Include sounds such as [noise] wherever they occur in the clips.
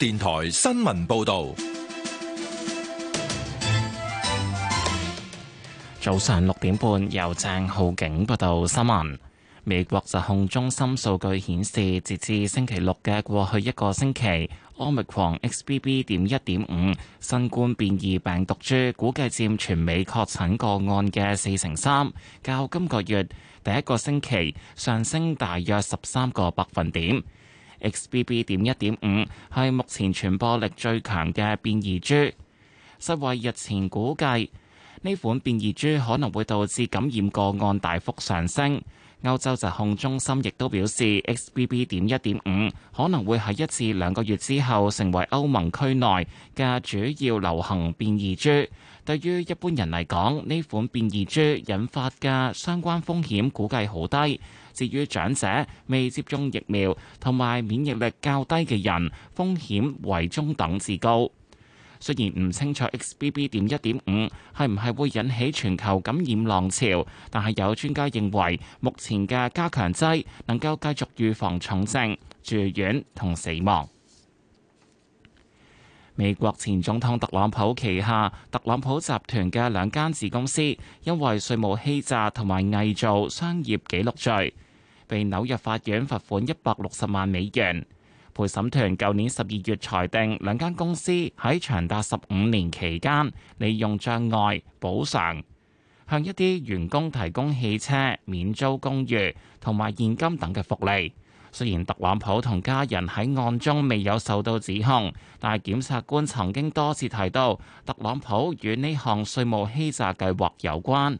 電台新聞報道，早上六點半由鄭浩景報道新聞。美國疾控中心數據顯示，截至星期六嘅過去一個星期，Omicron XBB. 點一點五新冠變異病毒株，估計佔全美確診個案嘅四成三，較今個月第一個星期上升大約十三個百分點。XBB. 點一點五係目前傳播力最強嘅變異株。世衛日前估計，呢款變異株可能會導致感染個案大幅上升。歐洲疾控中心亦都表示，XBB. 點一點五可能會喺一至兩個月之後成為歐盟區內嘅主要流行變異株。對於一般人嚟講，呢款變異株引發嘅相關風險估計好低。至於長者、未接種疫苗同埋免疫力較低嘅人，風險為中等至高。雖然唔清楚 XBB. 點一點五係唔係會引起全球感染浪潮，但係有專家認為，目前嘅加強劑能夠繼續預防重症、住院同死亡。美國前總統特朗普旗下特朗普集團嘅兩間子公司，因為稅務欺詐同埋偽造商業紀錄罪，被紐約法院罰款一百六十萬美元。陪審團舊年十二月裁定，兩間公司喺長達十五年期間，利用障礙補償，向一啲員工提供汽車、免租公寓同埋現金等嘅福利。雖然特朗普同家人喺案中未有受到指控，但係檢察官曾經多次提到特朗普與呢項稅務欺詐計劃有關。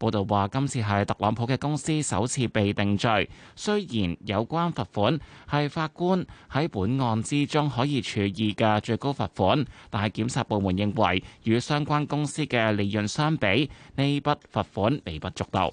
報道話今次係特朗普嘅公司首次被定罪。雖然有關罰款係法官喺本案之中可以處以嘅最高罰款，但係檢察部門認為與相關公司嘅利潤相比，呢筆罰款微不足道。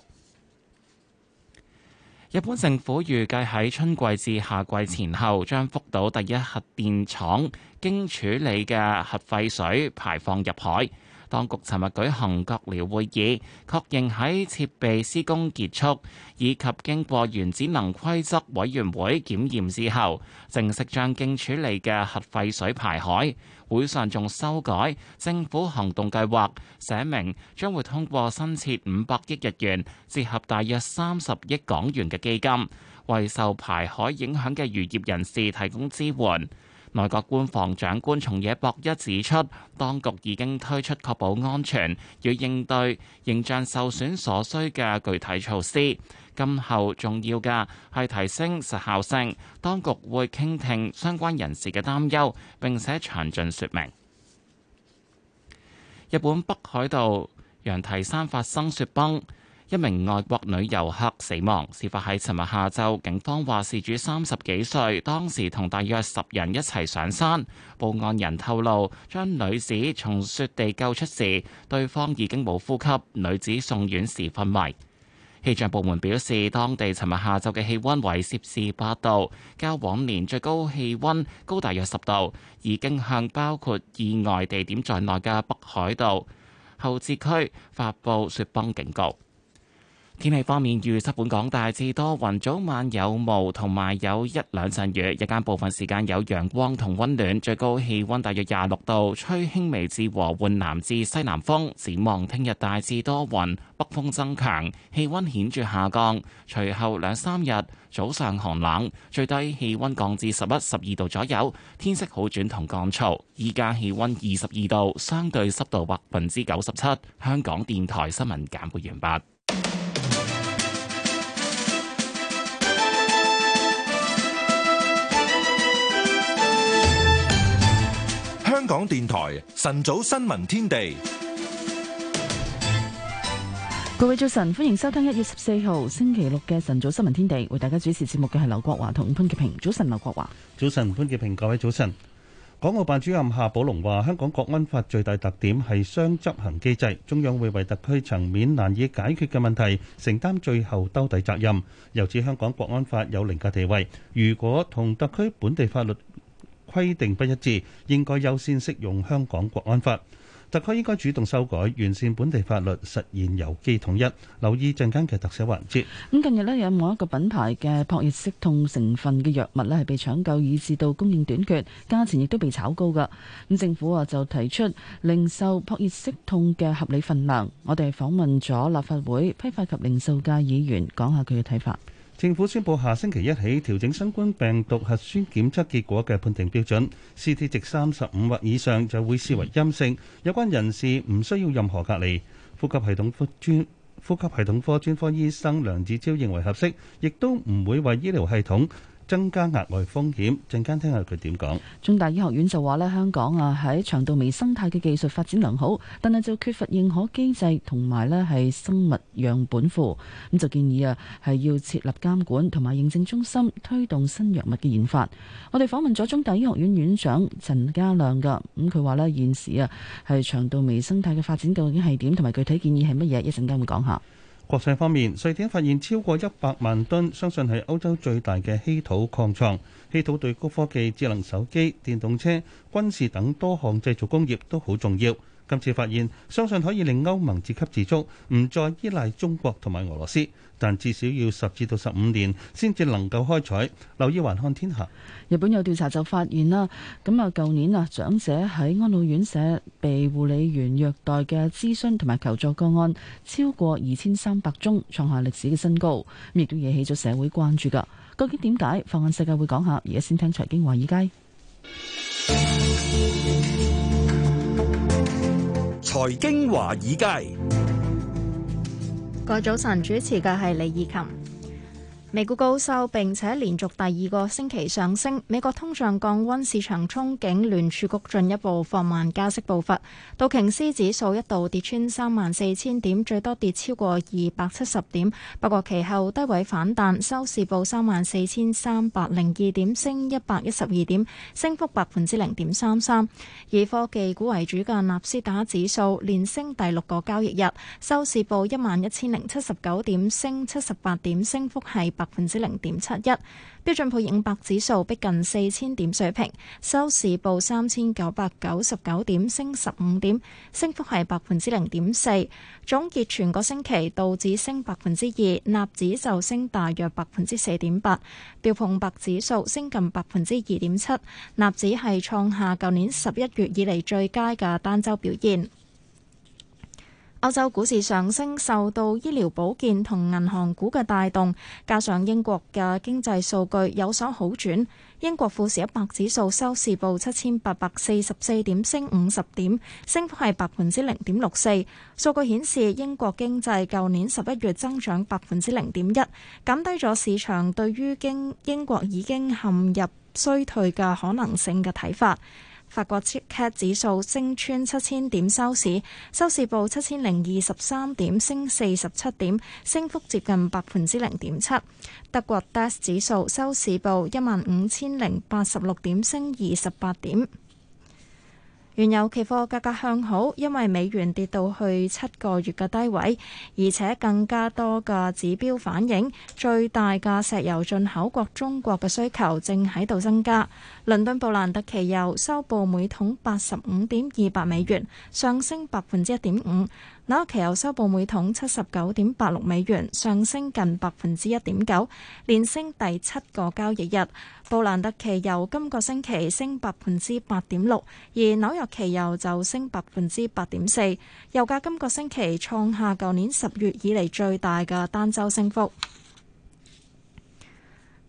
日本政府預計喺春季至夏季前後，將福島第一核電廠經處理嘅核廢水排放入海。當局尋日舉行閣僚會議，確認喺設備施工結束以及經過原子能規則委員會檢驗之後，正式將經處理嘅核廢水排海。會上仲修改政府行動計劃，寫明將會通過新設五百億日元，折合大約三十億港元嘅基金，為受排海影響嘅漁業人士提供支援。內閣官房長官松野博一指出，當局已經推出確保安全，要應對形象受損所需嘅具體措施。今後重要嘅係提升實效性，當局會傾聽相關人士嘅擔憂，並且詳盡説明。日本北海道羊蹄山發生雪崩，一名外國女遊客死亡，事發喺尋日下晝。警方話事主三十幾歲，當時同大約十人一齊上山。報案人透露，將女子從雪地救出時，對方已經冇呼吸。女子送院時昏迷。氣象部門表示，當地尋日下晝嘅氣溫為攝氏八度，較往年最高氣温高大約十度，已經向包括意外地點在內嘅北海道後志區發布雪崩警告。天氣方面，預測本港大致多雲，早晚有霧，同埋有，有一兩陣雨。日間部分時間有陽光同溫暖，最高氣溫大約廿六度，吹輕微至和緩南至西南風。展望聽日大致多雲，北風增強，氣溫顯著下降。隨後兩三日早上寒冷，最低氣溫降至十一、十二度左右，天色好轉同乾燥。而家氣溫二十二度，相對濕度百分之九十七。香港電台新聞簡報完畢。香港電台晨早新聞天地，各位早晨，歡迎收聽一月十四號星期六嘅晨早新聞天地，為大家主持節目嘅係劉國華同潘潔平。早晨，劉國華，早晨，潘潔平，各位早晨。港澳辦主任夏寶龍話：香港國安法最大特點係雙執行機制，中央會為特區層面難以解決嘅問題承擔最後兜底責任。由此，香港國安法有凌駕地位，如果同特區本地法律。規定不一致，應該優先適用香港國安法。特區應該主動修改完善本地法律，實現有機統一。留意陣間嘅特寫環節。咁近日咧有某一個品牌嘅撲熱息痛成分嘅藥物咧係被搶購，以致到供應短缺，價錢亦都被炒高噶。咁政府話就提出零售撲熱息痛嘅合理份量。我哋訪問咗立法會批發及零售界議員，講下佢嘅睇法。政府宣布下星期一起調整新冠病毒核酸檢測結果嘅判定標準，Ct [noise] 值三十五或以上就會視為陰性，有關人士唔需要任何隔離。呼吸系統專呼吸系統科專科醫生梁子超認為合適，亦都唔會為醫療系統增加額外風險，陣間聽下佢點講。中大醫學院就話咧，香港啊喺腸道微生態嘅技術發展良好，但係就缺乏認可機制同埋咧係生物樣本庫，咁就建議啊係要設立監管同埋認證中心，推動新藥物嘅研發。我哋訪問咗中大醫學院院長陳家亮㗎，咁佢話咧現時啊係腸道微生態嘅發展究竟係點，同埋具體建議係乜嘢，一陣間會講下。國際方面，瑞典發現超過一百萬噸，相信係歐洲最大嘅稀土礦藏。稀土對高科技、智能手機、電動車、軍事等多項製造工業都好重要。今次發現，相信可以令歐盟自給自足，唔再依賴中國同埋俄羅斯，但至少要十至到十五年先至能夠開採。留意環看天下。日本有調查就發現啦，咁啊，舊年啊，長者喺安老院舍被護理員虐待嘅諮詢同埋求助個案超過二千三百宗，創下歷史嘅新高，咁亦都惹起咗社會關注㗎。究竟點解？放眼世界會講下，而家先聽財經華爾街。 [music] 財經華爾街，個早晨主持嘅係李義琴。美股高收，並且連續第二個星期上升。美國通脹降溫，市場憧憬聯儲局進一步放慢加息步伐。道瓊斯指數一度跌穿三萬四千點，最多跌超過二百七十點。不過其後低位反彈，收市報三萬四千三百零二點，升一百一十二點，升幅百分之零點三三。以科技股為主嘅納斯達指數連升第六個交易日，收市報一萬一千零七十九點，升七十八點，升幅係百。百分之零點七一，標準普爾五百指數逼近四千點水平，收市報三千九百九十九點，升十五點，升幅係百分之零點四。總結全個星期，道指升百分之二，納指就升大約百分之四點八，標普五百指數升近百分之二點七，納指係創下舊年十一月以嚟最佳嘅單周表現。歐洲股市上升，受到醫療保健同銀行股嘅帶動，加上英國嘅經濟數據有所好轉，英國富時一百指數收市報七千八百四十四點，升五十點，升幅係百分之零點六四。數據顯示，英國經濟舊年十一月增長百分之零點一，減低咗市場對於經英國已經陷入衰退嘅可能性嘅睇法。法國 CAC 指數升穿七千點收市，收市報七千零二十三點，升四十七點，升幅接近百分之零點七。德國 DAX 指數收市報一萬五千零八十六點，升二十八點。原油期貨價格向好，因為美元跌到去七個月嘅低位，而且更加多嘅指標反映最大嘅石油進口國中國嘅需求正喺度增加。倫敦布蘭特期油收報每桶八十五點二百美元，上升百分之一點五。紐約期油收報每桶七十九點八六美元，上升近百分之一點九，連升第七個交易日。布蘭特期油今個星期升百分之八點六，而紐約期油就升百分之八點四。油價今個星期創下舊年十月以嚟最大嘅單周升幅。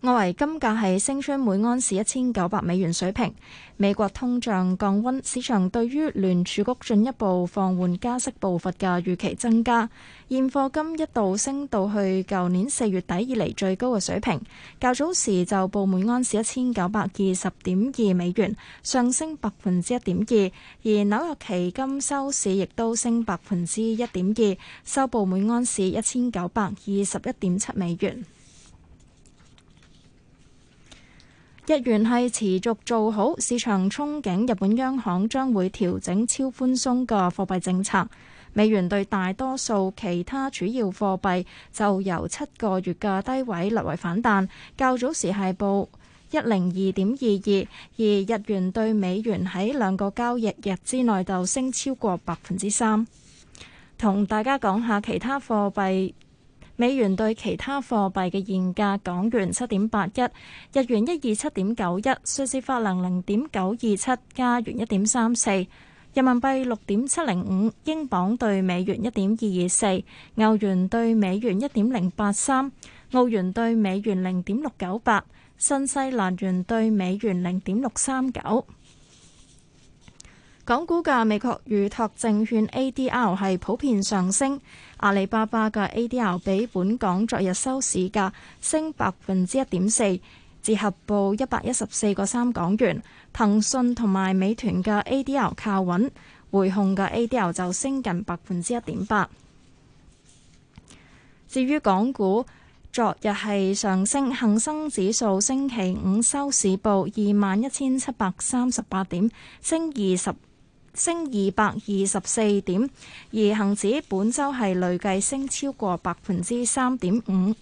外圍金價係升穿每安士一千九百美元水平。美國通脹降溫，市場對於聯儲局進一步放緩加息步伐嘅預期增加，現貨金一度升到去舊年四月底以嚟最高嘅水平。較早時就報每安士一千九百二十點二美元，上升百分之一點二。而紐約期金收市亦都升百分之一點二，收報每安士一千九百二十一點七美元。日元係持續做好，市場憧憬日本央行將會調整超寬鬆嘅貨幣政策。美元對大多數其他主要貨幣就由七個月嘅低位略為反彈，較早時係報一零二點二二，而日元對美元喺兩個交易日之內就升超過百分之三。同大家講下其他貨幣。美元兌其他貨幣嘅現價：港元七點八一，日元一二七點九一，瑞士法郎零點九二七，加元一點三四，人民幣六點七零五，英鎊對美元一點二二四，歐元對美元一點零八三，澳元對美元零點六九八，新西蘭元對美元零點六三九。港股價美國預託證券 ADR 係普遍上升。阿里巴巴嘅 ADR 比本港昨日收市價升百分之一點四，折合報一百一十四個三港元。騰訊同埋美團嘅 ADR 靠穩，匯控嘅 ADR 就升近百分之一點八。至於港股，昨日係上升，恒生指數星期五收市報二萬一千七百三十八點，升二十。升二百二十四點，而恒指本周係累計升超過百分之三點五。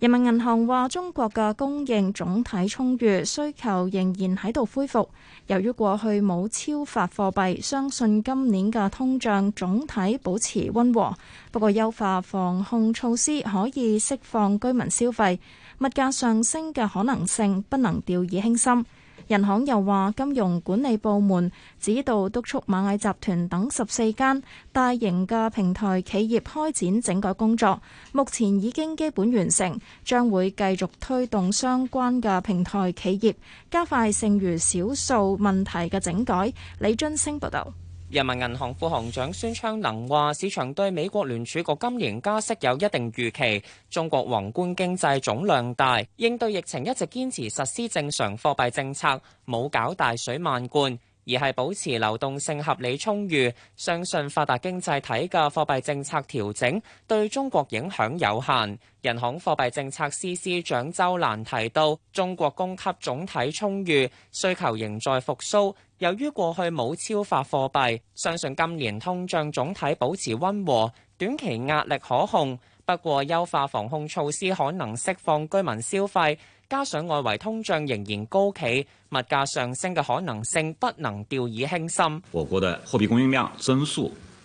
人民銀行話：中國嘅供應總體充裕，需求仍然喺度恢復。由於過去冇超發貨幣，相信今年嘅通脹總體保持溫和。不過，優化防控措施可以釋放居民消費，物價上升嘅可能性不能掉以輕心。人行又話，金融管理部門指導督促螞蟻集團等十四間大型嘅平台企業開展整改工作，目前已經基本完成，將會繼續推動相關嘅平台企業加快剩餘少數問題嘅整改。李津升報道。人民銀行副行長孫昌能話：市場對美國聯儲局今年加息有一定預期。中國宏觀經濟總量大，應對疫情一直堅持實施正常貨幣政策，冇搞大水漫灌，而係保持流動性合理充裕。相信發達經濟體嘅貨幣政策調整對中國影響有限。人行貨幣政策司司長周蘭提到：中國供給總體充裕，需求仍在復蘇。由於過去冇超發貨幣，相信今年通脹總體保持溫和，短期壓力可控。不過，優化防控措施可能釋放居民消費，加上外圍通脹仍然高企，物價上升嘅可能性不能掉以輕心。我國的貨幣供應量增速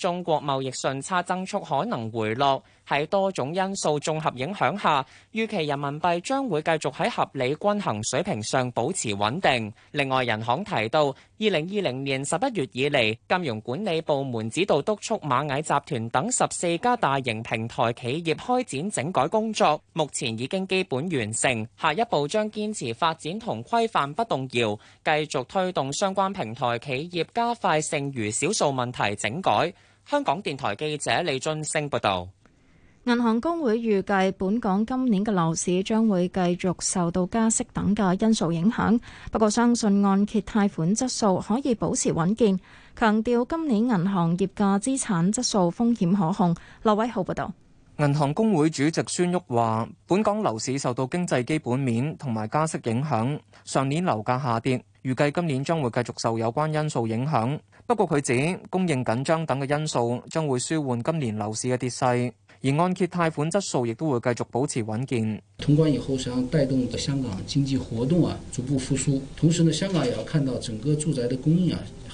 中國貿易順差增速可能回落，喺多種因素綜合影響下，預期人民幣將會繼續喺合理均衡水平上保持穩定。另外，人行提到，二零二零年十一月以嚟，金融管理部門指導督促螞蟻集團等十四家大型平台企業開展整改工作，目前已經基本完成。下一步將堅持發展同規範不動搖，繼續推動相關平台企業加快剩餘少數問題整改。香港電台記者李俊升報道。銀行公會預計本港今年嘅樓市將會繼續受到加息等嘅因素影響，不過相信按揭貸款質素可以保持穩健，強調今年銀行業嘅資產質素風險可控。劉偉浩報道，銀行公會主席孫旭話，本港樓市受到經濟基本面同埋加息影響，上年樓價下跌。預計今年將會繼續受有關因素影響，不過佢指供應緊張等嘅因素將會舒緩今年樓市嘅跌勢，而按揭貸款質素亦都會繼續保持穩健。通關以後，實際上帶動香港經濟活動啊，逐步復甦。同時呢，香港也要看到整個住宅嘅供應啊。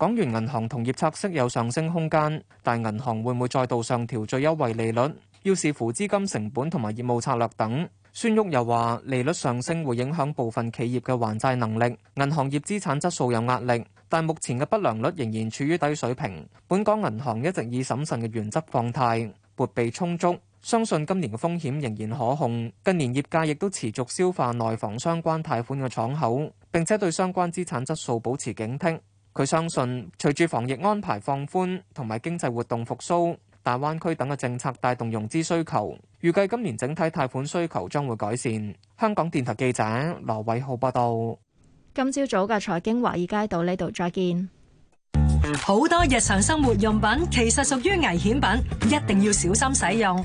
港元銀行同業拆息有上升空間，但銀行會唔會再度上調最優惠利率？要視乎資金成本同埋業務策略等。孫旭又話：利率上升會影響部分企業嘅還債能力，銀行業資產質素有壓力，但目前嘅不良率仍然處於低水平。本港銀行一直以審慎嘅原則放貸，撥備充足，相信今年嘅風險仍然可控。近年業界亦都持續消化內房相關貸款嘅敞口，並且對相關資產質素保持警惕。佢相信，隨住防疫安排放寬同埋經濟活動復甦，大灣區等嘅政策帶動融資需求，預計今年整體貸款需求將會改善。香港電台記者羅偉浩報道。今朝早嘅財經華爾街到呢度，再見。好多日常生活用品其實屬於危險品，一定要小心使用。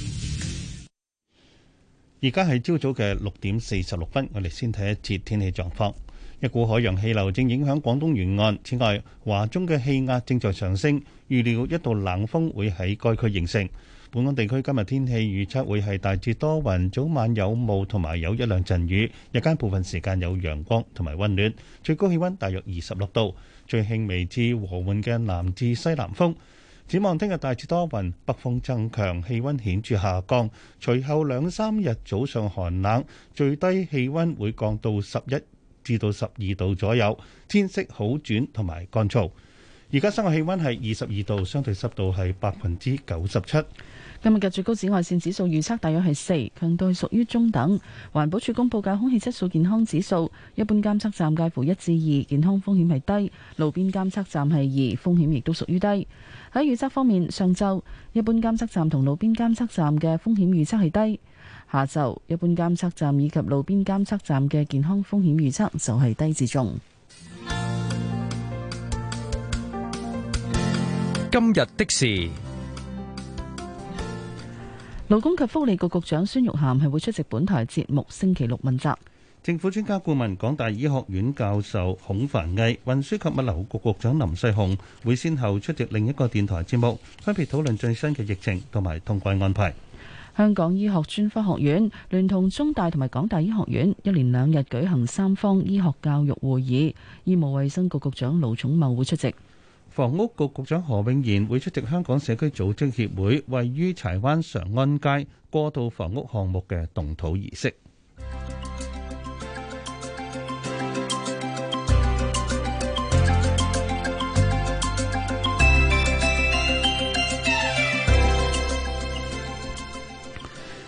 而家係朝早嘅六點四十六分，我哋先睇一節天氣狀況。一股海洋氣流正影響廣東沿岸，此外，華中嘅氣壓正在上升，預料一道冷鋒會喺該區形成。本港地區今日天氣預測會係大致多雲，早晚有霧同埋有一兩陣雨，日間部分時間有陽光同埋温暖，最高氣温大約二十六度，最輕微至和緩嘅南至西南風。展望聽日大致多雲，北風增強，氣温顯著下降。隨後兩三日早上寒冷，最低氣温會降到十一至到十二度左右，天色好轉同埋乾燥。而家室外氣温係二十二度，相對濕度係百分之九十七。今日嘅最高紫外線指數預測大約係四，強度係屬於中等。環保署公布嘅空氣質素健康指數，一般監測站介乎一至二，健康風險係低；路邊監測站係二，風險亦都屬於低。喺預測方面，上晝一般監測站同路邊監測站嘅風險預測係低；下晝一般監測站以及路邊監測站嘅健康風險預測就係低至中。今日的事。勞工及福利局局長孫玉菡係會出席本台節目星期六問責。政府專家顧問港大醫學院教授孔凡毅、運輸及物流局局長林世雄會先後出席另一個電台節目，分別討論最新嘅疫情同埋通關安排。香港醫學專科學院聯同中大同埋港大醫學院一連兩日舉行三方醫學教育會議，醫務衛生局局長盧寵茂會出席。房屋局局長何永賢會出席香港社區組織協會位於柴灣常安街過渡房屋項目嘅動土儀式。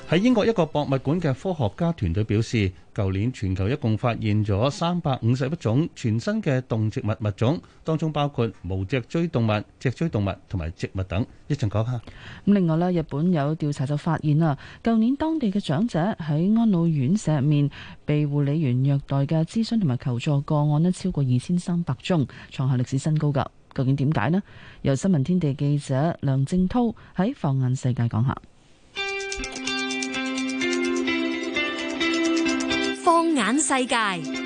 喺英國一個博物館嘅科學家團隊表示，舊年全球一共發現咗三百五十一種全新嘅動植物物種，當中包括無脊椎動物、脊椎動物同埋植物等。一陣講一下咁。另外咧，日本有調查就發現啦，舊年當地嘅長者喺安老院舍入面被護理員虐待嘅諮詢同埋求助個案咧，超過二千三百宗，創下歷史新高。噶究竟點解呢？由新聞天地記者梁正濤喺放眼世界講下。放眼世界。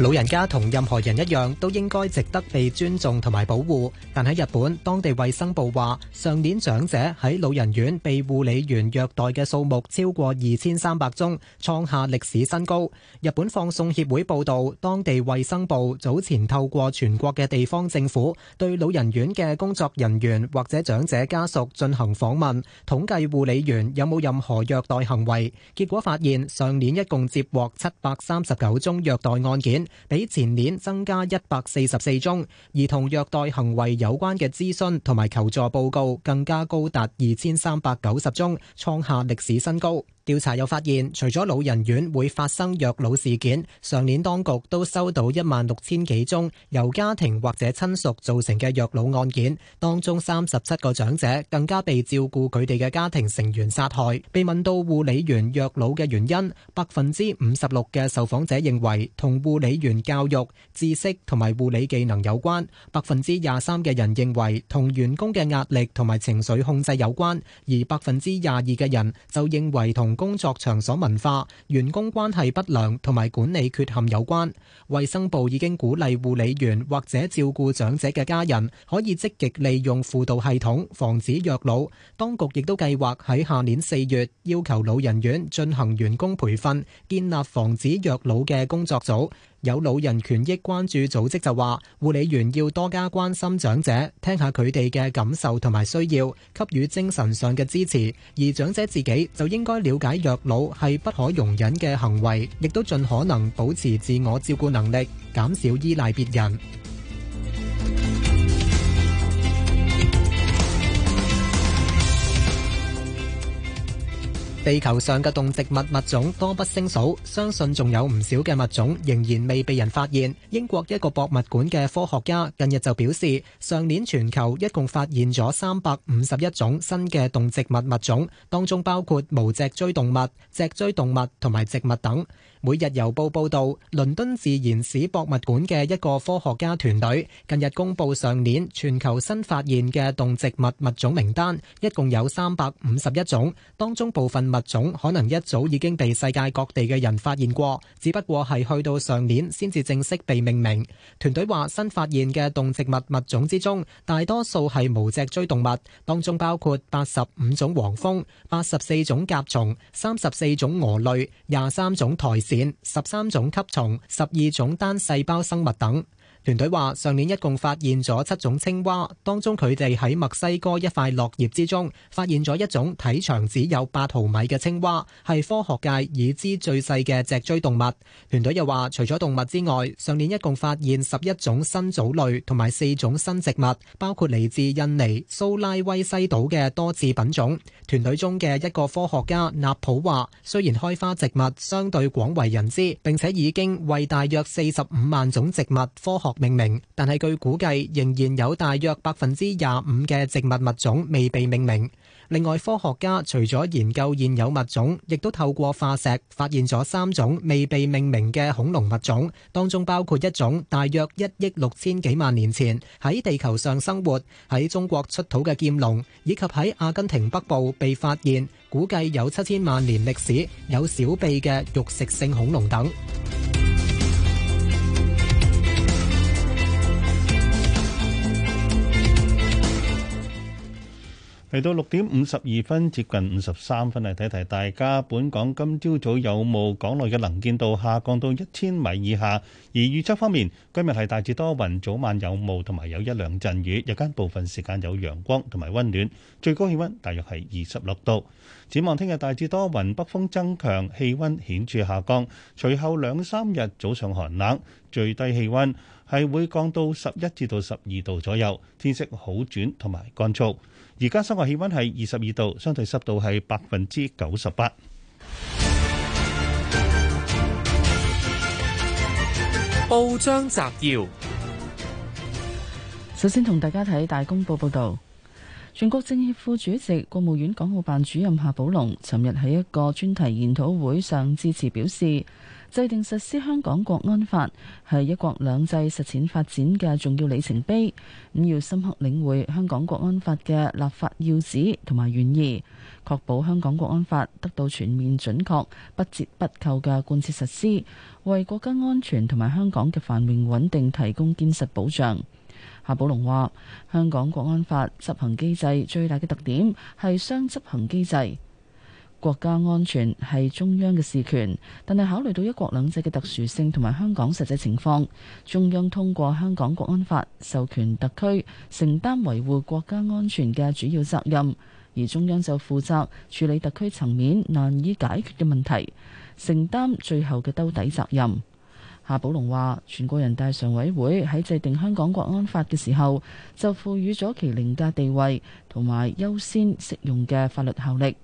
老人家同任何人一樣，都應該值得被尊重同埋保護。但喺日本，當地衞生部話，上年長者喺老人院被護理員虐待嘅數目超過二千三百宗，創下歷史新高。日本放送協會報導，當地衞生部早前透過全國嘅地方政府，對老人院嘅工作人員或者長者家屬進行訪問，統計護理員有冇任何虐待行為。結果發現，上年一共接獲七百三十九宗虐待案件。比前年增加一百四十四宗，而同虐待行為有關嘅諮詢同埋求助報告更加高達二千三百九十宗，創下歷史新高。調查又發現，除咗老人院會發生虐老事件，上年當局都收到一萬六千幾宗由家庭或者親屬造成嘅虐老案件，當中三十七個長者更加被照顧佢哋嘅家庭成員殺害。被問到護理員虐老嘅原因，百分之五十六嘅受訪者認為同護理員教育、知識同埋護理技能有關；百分之廿三嘅人認為同員工嘅壓力同埋情緒控制有關，而百分之廿二嘅人就認為同工作場所文化、員工關係不良同埋管理缺陷有關，衛生部已經鼓勵護理員或者照顧長者嘅家人可以積極利用輔導系統防止虐老。當局亦都計劃喺下年四月要求老人院進行員工培訓，建立防止虐老嘅工作組。有老人權益關注組織就話，護理員要多加關心長者，聽下佢哋嘅感受同埋需要，給予精神上嘅支持。而長者自己就應該了解虐老係不可容忍嘅行為，亦都盡可能保持自我照顧能力，減少依賴別人。地球上嘅動植物物種多不勝數，相信仲有唔少嘅物種仍然未被人發現。英國一個博物館嘅科學家近日就表示，上年全球一共發現咗三百五十一種新嘅動植物物種，當中包括無脊椎動物、脊椎動物同埋植物等。每日郵報報導，倫敦自然史博物館嘅一個科學家團隊近日公布上年全球新發現嘅動植物物種名單，一共有三百五十一種。當中部分物種可能一早已經被世界各地嘅人發現過，只不過係去到上年先至正式被命名。團隊話，新發現嘅動植物物種之中，大多數係無脊椎動物，當中包括八十五種黃蜂、八十四種甲蟲、三十四種蛾類、廿三種苔。十三種吸蟲，十二種單細胞生物等。團隊話上年一共發現咗七種青蛙，當中佢哋喺墨西哥一塊落葉之中發現咗一種體長只有八毫米嘅青蛙，係科學界已知最細嘅脊椎動物。團隊又話，除咗動物之外，上年一共發現十一種新藻類同埋四種新植物，包括嚟自印尼蘇拉威西島嘅多次品種。團隊中嘅一個科學家納普話，雖然開花植物相對廣為人知，並且已經為大約四十五萬種植物科學命名，但係據估計，仍然有大約百分之廿五嘅植物物種未被命名。另外，科學家除咗研究現有物種，亦都透過化石發現咗三種未被命名嘅恐龍物種，當中包括一種大約一億六千幾萬年前喺地球上生活喺中國出土嘅劍龍，以及喺阿根廷北部被發現、估計有七千萬年歷史、有小臂嘅肉食性恐龍等。嚟到六點五十二分，接近五十三分，嚟睇睇大家本港今朝早，早有霧港內嘅能見度下降到一千米以下。而預測方面，今日係大致多雲，早晚有霧，同埋有，有一兩陣雨。日間部分時間有陽光同埋溫暖，最高氣溫大約係二十六度。展望聽日大致多雲，北風增強，氣溫顯著下降。隨後兩三日早上寒冷，最低氣溫係會降到十一至到十二度左右，天色好轉同埋乾燥。而家室外氣溫係二十二度，相對濕度係百分之九十八。報章摘要，首先同大家睇大公報報導，全國政協副主席、國務院港澳辦主任夏寶龍，尋日喺一個專題研討會上致辭表示。制定實施香港國安法係一國兩制實踐發展嘅重要里程碑，咁要深刻領會香港國安法嘅立法要旨同埋原意，確保香港國安法得到全面準確、不折不扣嘅貫徹實施，為國家安全同埋香港嘅繁榮穩定提供堅實保障。夏寶龍話：香港國安法執行機制最大嘅特點係雙執行機制。國家安全係中央嘅事權，但係考慮到一國兩制嘅特殊性同埋香港實際情況，中央通過《香港國安法》授權特區承擔維護國家安全嘅主要責任，而中央就負責處理特區層面難以解決嘅問題，承擔最後嘅兜底責任。夏寶龍話：全國人大常委會喺制定《香港國安法》嘅時候，就賦予咗其凌駕地位同埋優先適用嘅法律效力。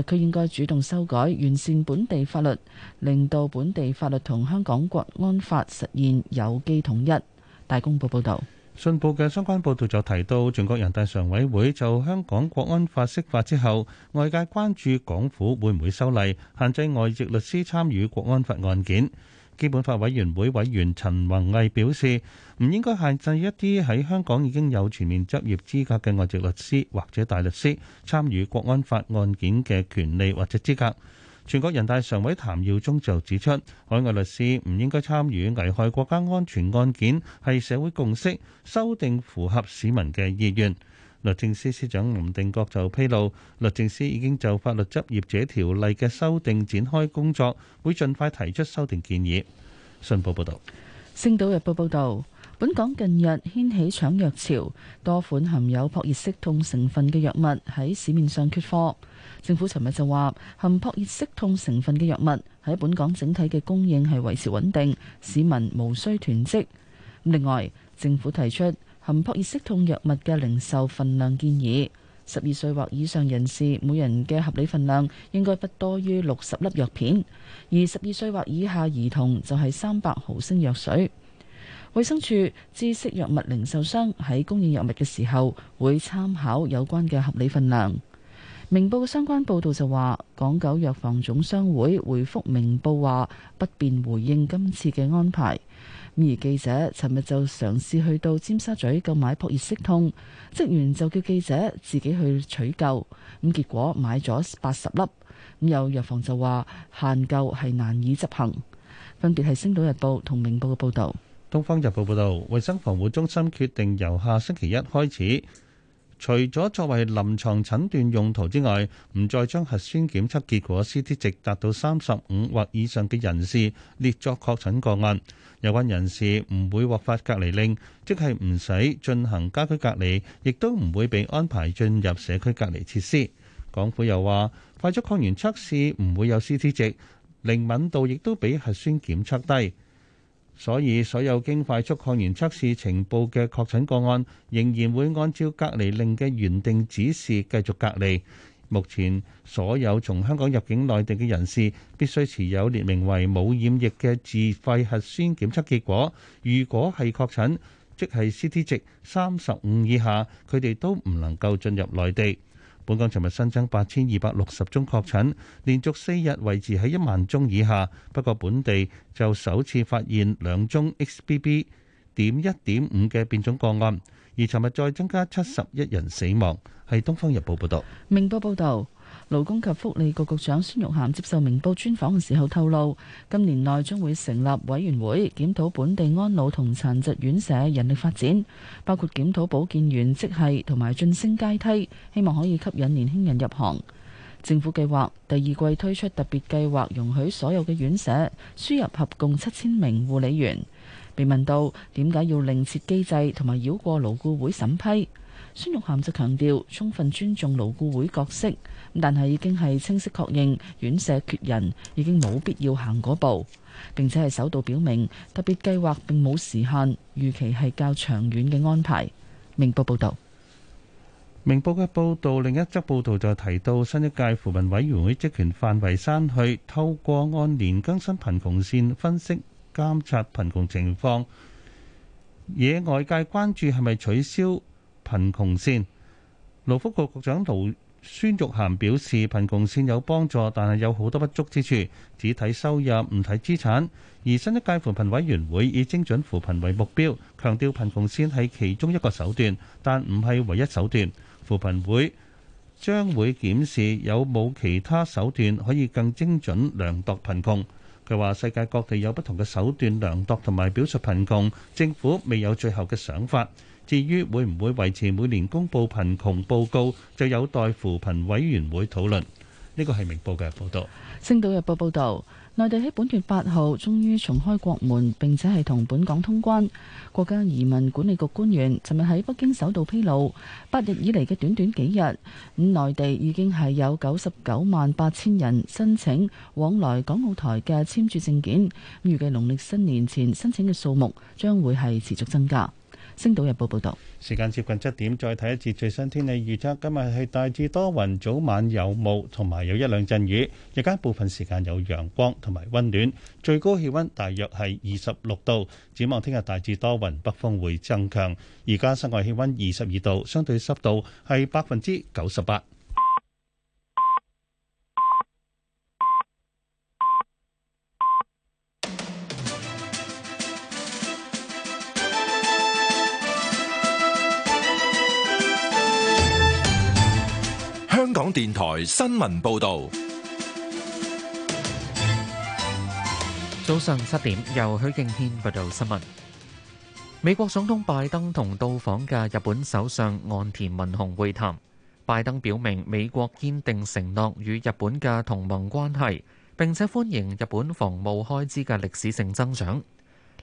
特區應該主動修改完善本地法律，令到本地法律同香港國安法實現有機統一。大公報報道，信報嘅相關報導就提到，全國人大常委會就香港國安法釋法之後，外界關注港府會唔會修例限制外籍律師參與國安法案件。基本法委員會委員陳宏毅表示，唔應該限制一啲喺香港已經有全面執業資格嘅外籍律師或者大律師參與國安法案件嘅權利或者資格。全國人大常委譚耀宗就指出，海外律師唔應該參與危害國家安全案件，係社會共識，修訂符合市民嘅意願。律政司司長林定國就披露，律政司已經就《法律執業者條例》嘅修訂展開工作，會盡快提出修訂建議。信報報道，《星島日報》報道，本港近日掀起搶藥潮，多款含有撲熱息痛成分嘅藥物喺市面上缺貨。政府尋日就話，含撲熱息痛成分嘅藥物喺本港整體嘅供應係維持穩定，市民無需囤積。另外，政府提出，含撲熱息痛藥物嘅零售份量建議，十二歲或以上人士每人嘅合理份量應該不多於六十粒藥片，而十二歲或以下兒童就係三百毫升藥水。衛生署指示藥物零售商喺供應藥物嘅時候，會參考有關嘅合理份量。明報相關報道就話，港九藥房總商會回覆明報話，不便回應今次嘅安排。而記者尋日就嘗試去到尖沙咀購買撲熱息痛，職員就叫記者自己去取夠。咁結果買咗八十粒。咁有藥房就話限購係難以執行。分別係《星島日報》同《明報》嘅報導，《東方日報》報導，衞生防護中心決定由下星期一開始，除咗作為臨牀診斷用途之外，唔再將核酸檢測結果嘅 CT 值達到三十五或以上嘅人士列作確診個案。有關人士唔會獲發隔離令，即係唔使進行家居隔離，亦都唔會被安排進入社區隔離設施。港府又話，快速抗原測試唔會有 CT 值，靈敏度亦都比核酸檢測低，所以所有經快速抗原測試呈報嘅確診個案，仍然會按照隔離令嘅原定指示繼續隔離。目前所有從香港入境內地嘅人士必須持有列明為冇染疫嘅自費核酸檢測結果。如果係確診，即係 CT 值三十五以下，佢哋都唔能夠進入內地。本港尋日新增八千二百六十宗確診，連續四日維持喺一萬宗以下。不過本地就首次發現兩宗 XBB 點一點五嘅變種個案。而尋日再增加七十一人死亡，係《東方日報》報導。明報報導，勞工及福利局局長孫玉涵接受明報專訪嘅時候透露，今年內將會成立委員會檢討本地安老同殘疾院舍人力發展，包括檢討保健員職系同埋晉升階梯，希望可以吸引年輕人入行。政府計劃第二季推出特別計劃，容許所有嘅院舍輸入合共七千名護理員。被問到點解要另設機制同埋繞過勞顧會審批，孫玉菡就強調充分尊重勞顧會角色，但係已經係清晰確認院舍缺人，已經冇必要行嗰步，並且係首度表明特別計劃並冇時限，預期係較長遠嘅安排。明報報導，明報嘅報導另一則報導就提到新一屆扶貧委員會職權範圍刪去，透過按年更新貧窮線分析。監察貧窮情況，惹外界關注係咪取消貧窮線？勞福局局長孫玉菡表示，貧窮線有幫助，但係有好多不足之處，只睇收入唔睇資產。而新一屆扶貧委員會以精準扶貧為目標，強調貧窮線係其中一個手段，但唔係唯一手段。扶貧會將會檢視有冇其他手段可以更精準量度貧窮。佢話：世界各地有不同嘅手段量度同埋表述貧窮，政府未有最後嘅想法。至於會唔會維持每年公布貧窮報告，就有待扶貧委員會討論。呢個係明報嘅報道，《星島日報》報道。內地喺本月八號終於重開國門，並且係同本港通關。國家移民管理局官員尋日喺北京首度披露，八日以嚟嘅短短幾日，咁內地已經係有九十九萬八千人申請往來港澳台嘅簽注證件。預計農曆新年前申請嘅數目將會係持續增加。星島日報報道，時間接近七點，再睇一次最新天氣預測。今日係大致多雲，早晚有霧，同埋有一兩陣雨。日間部分時間有陽光同埋溫暖，最高氣溫大約係二十六度。展望聽日大致多雲，北風會增強。而家室外氣溫二十二度，相對濕度係百分之九十八。香港電台新聞報道，早上七點由許敬軒報道新聞。美國總統拜登同到訪嘅日本首相岸田文雄會談。拜登表明美國堅定承諾與日本嘅同盟關係，並且歡迎日本防務開支嘅歷史性增長。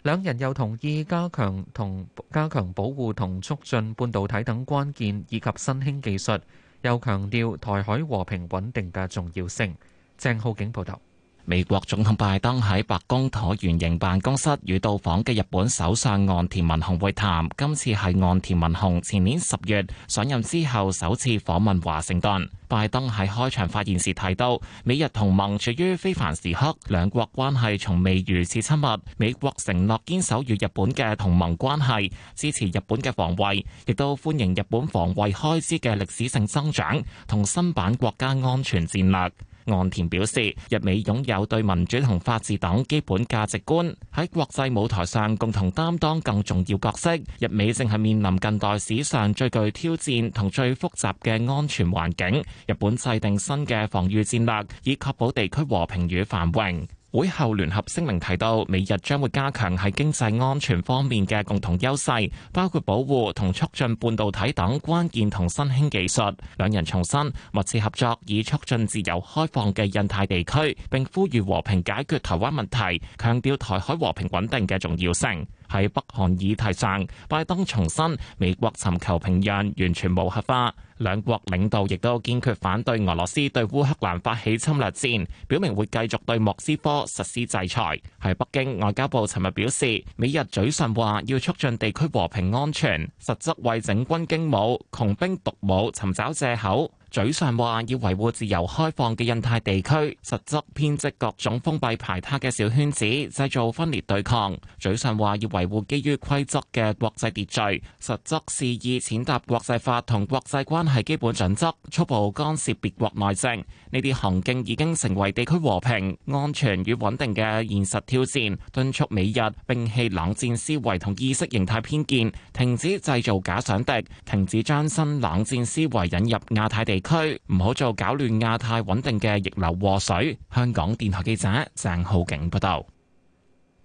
兩人又同意加強同加強保護同促進半導體等關鍵以及新興技術，又強調台海和平穩定嘅重要性。鄭浩景報道。美國總統拜登喺白宮橢圓形辦公室與到訪嘅日本首相岸田文雄會談，今次係岸田文雄前年十月上任之後首次訪問華盛頓。拜登喺開場發言時提到，美日同盟處於非凡時刻，兩國關係從未如此親密。美國承諾堅守與日本嘅同盟關係，支持日本嘅防衛，亦都歡迎日本防衛開支嘅歷史性增長，同新版國家安全戰略。岸田表示，日美擁有對民主同法治等基本價值觀，喺國際舞台上共同擔當更重要角色。日美正係面臨近代史上最具挑戰同最複雜嘅安全環境。日本制定新嘅防御戰略，以確保地區和平與繁榮。會後聯合聲明提到，美日將會加強喺經濟安全方面嘅共同優勢，包括保護同促進半導體等關鍵同新興技術。兩人重申密切合作以促進自由開放嘅印太地區，並呼籲和平解決台灣問題，強調台海和平穩定嘅重要性。喺北韓議題上，拜登重申美國尋求平壤完全無核化。兩國領導亦都堅決反對俄羅斯對烏克蘭發起侵略戰，表明會繼續對莫斯科實施制裁。喺北京外交部尋日表示，美日嘴上話要促進地區和平安全，實則為整軍經武、窮兵黷武尋找借口；嘴上話要維護自由開放嘅印太地區，實則編織各種封閉排他嘅小圈子，製造分裂對抗；嘴上話要維護基於規則嘅國際秩序，實則肆意踐踏國際法同國際關係基本準則，粗暴干涉別國內政，呢啲行徑已經成為地區和平、安全與穩定嘅現實挑戰。敦促美日摒棄冷戰思維同意識形態偏見，停止製造假想敵，停止將新冷戰思維引入亞太地區，唔好做搞亂亞太穩定嘅逆流禍水。香港電台記者鄭浩景報道。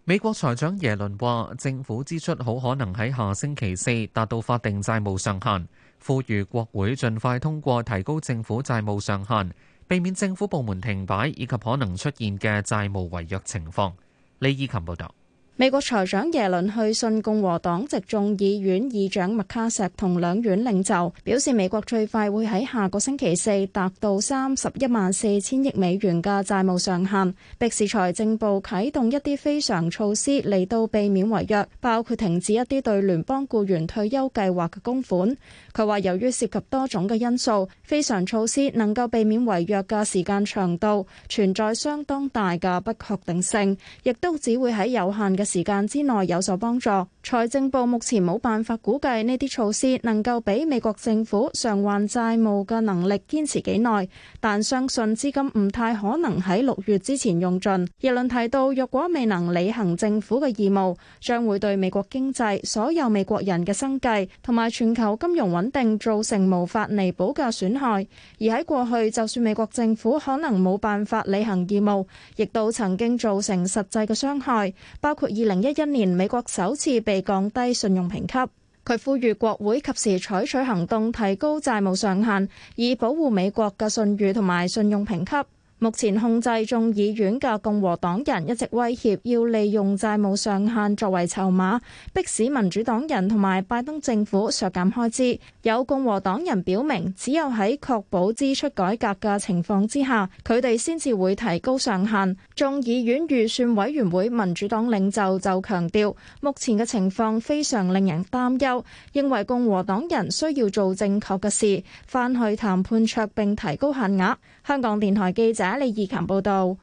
美國財長耶倫話：政府支出好可能喺下星期四達到法定債務上限。呼籲國會盡快通過提高政府債務上限，避免政府部門停擺以及可能出現嘅債務違約情況。李依琴報道。美國財長耶倫去信共和黨籍眾議院議長麥卡錫同兩院領袖，表示美國最快會喺下個星期四達到三十一萬四千億美元嘅債務上限，迫使財政部啟動一啲非常措施嚟到避免違約，包括停止一啲對聯邦僱員退休計劃嘅供款。佢話由於涉及多種嘅因素，非常措施能夠避免違約嘅時間長度存在相當大嘅不確定性，亦都只會喺有限嘅時間之內有所幫助。財政部目前冇辦法估計呢啲措施能夠俾美國政府償還債務嘅能力堅持幾耐，但相信資金唔太可能喺六月之前用盡。耶倫提到，若果未能履行政府嘅義務，將會對美國經濟、所有美國人嘅生計同埋全球金融穩定造成無法彌補嘅損害。而喺過去，就算美國政府可能冇辦法履行義務，亦都曾經造成實際嘅傷害，包括二零一一年，美國首次被降低信用評級。佢呼籲國會及時採取行動，提高債務上限，以保護美國嘅信譽同埋信用評級。目前控制眾議院嘅共和黨人一直威脅要利用債務上限作為籌碼，迫使民主黨人同埋拜登政府削減開支。有共和黨人表明，只有喺確保支出改革嘅情況之下，佢哋先至會提高上限。眾議院預算委員會民主黨領袖就強調，目前嘅情況非常令人擔憂，認為共和黨人需要做正確嘅事，翻去談判桌並提高限額。香港電台記者李怡琴報道：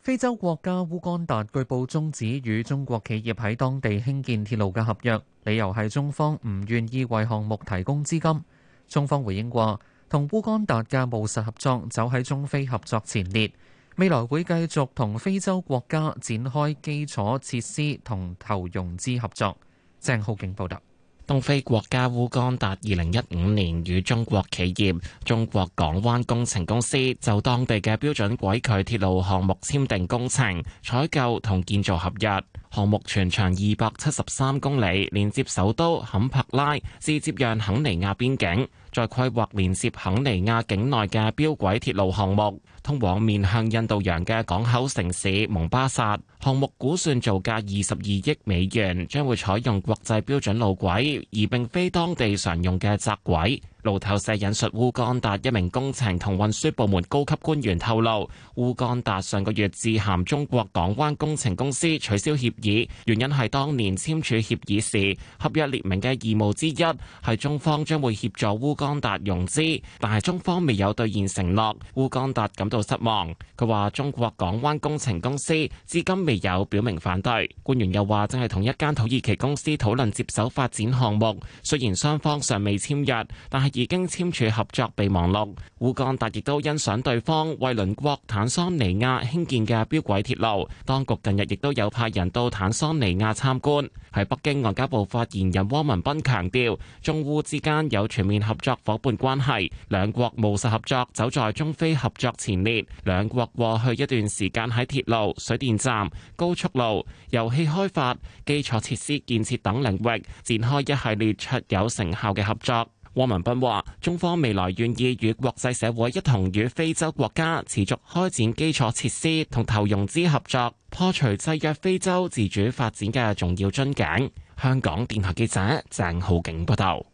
非洲國家烏干達據報終止與中國企業喺當地興建鐵路嘅合約，理由係中方唔願意為項目提供資金。中方回應話，同烏干達嘅務實合作走喺中非合作前列，未來會繼續同非洲國家展開基礎設施同投融資合作。鄭浩景報道。東非國家烏干達二零一五年與中國企業中國港灣工程公司就當地嘅標準軌距鐵路項目簽訂工程、採購同建造合約。項目全長二百七十三公里，連接首都坎帕拉至接壤肯尼亞邊境，再規劃連接肯尼亞境內嘅標軌鐵路項目，通往面向印度洋嘅港口城市蒙巴薩。項目估算造價二十二億美元，將會採用國際標準路軌，而並非當地常用嘅窄軌。路透社引述烏干達一名工程同運輸部門高級官員透露，烏干達上個月致函中國港灣工程公司取消協議，原因係當年簽署協議時，合約列明嘅義務之一係中方將會協助烏干達融資，但係中方未有兌現承諾，烏干達感到失望。佢話：中國港灣工程公司至今未有表明反對官員又話正係同一間土耳其公司討論接手發展項目，雖然雙方尚未簽約，但係已經簽署合作備忘錄，烏干達亦都欣賞對方為鄰國坦桑尼亞興建嘅標軌鐵路，當局近日亦都有派人到坦桑尼亞參觀，喺北京外交部發言人汪文斌強調中烏之間有全面合作伙伴關係，兩國務實合作走在中非合作前列，兩國過去一段時間喺鐵路、水電站。高速路、油氣開發、基礎設施建設等領域展開一系列卓有成效嘅合作。汪文斌話中方未來願意與國際社會一同與非洲國家持續開展基礎設施同投融資合作，破除制約非洲自主發展嘅重要樽頸，香港電台記者鄭浩景報道。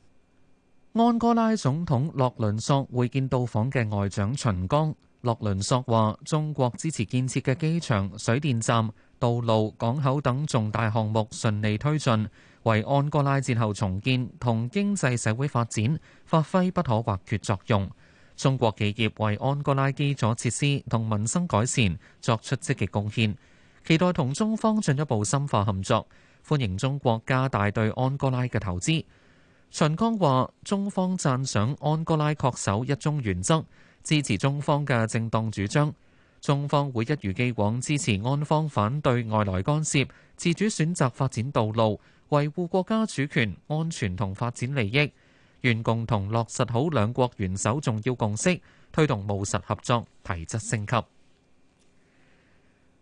安哥拉總統洛倫索會見到訪嘅外長秦剛。洛倫索話：中國支持建設嘅機場、水電站、道路、港口等重大項目順利推進，為安哥拉戰後重建同經濟社會發展發揮不可或缺作用。中國企業為安哥拉基礎設施同民生改善作出積極貢獻，期待同中方進一步深化合作，歡迎中國加大對安哥拉嘅投資。秦剛話：中方讚賞安哥拉恪守一中原則。支持中方嘅正當主張，中方會一如既往支持安方反對外來干涉，自主選擇發展道路，維護國家主權、安全同發展利益，願共同落實好兩國元首重要共識，推動務實合作提質升級。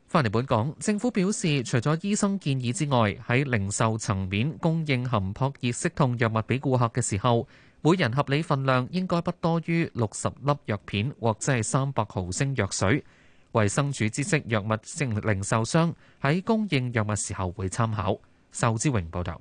翻嚟本港，政府表示，除咗醫生建議之外，喺零售層面供應含撲熱息痛藥物俾顧客嘅時候。每人合理份量應該不多於六十粒藥片，或者係三百毫升藥水。衛生署知識藥物性零售商喺供應藥物時候會參考。仇之榮報道。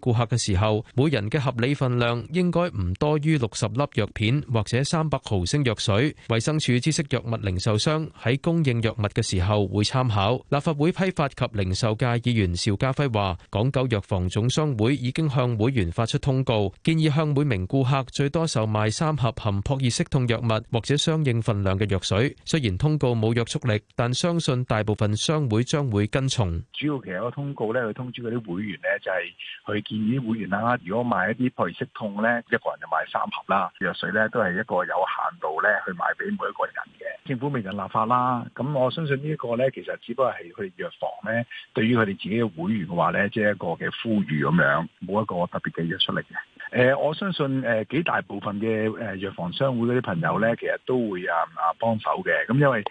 顧客嘅時候，每人嘅合理份量應該唔多於六十粒藥片或者三百毫升藥水。衛生署知識藥物零售商喺供應藥物嘅時候會參考。立法會批發及零售界議員邵家輝話，港九藥房總商會已經向會員發出通告，建議向每名顧客最多售賣三盒含撲熱息痛藥物或者相應份量嘅藥水。雖然通告冇約束力，但相信大部分商會將會跟從。主要其實個通告呢，佢通知嗰啲會員呢，就係去。建議會員啦、啊，如果買一啲撲熱息痛咧，一個人就買三盒啦。藥水咧都係一個有限度咧去賣俾每一個人嘅。政府未有立法啦，咁我相信呢一個咧其實只不過係佢藥房咧對於佢哋自己嘅會員嘅話咧，即、就、係、是、一個嘅呼籲咁樣，冇一個特別嘅藥出嚟嘅。誒，我相信誒幾大部分嘅誒藥房商會嗰啲朋友咧，其實都會啊啊幫手嘅。咁因為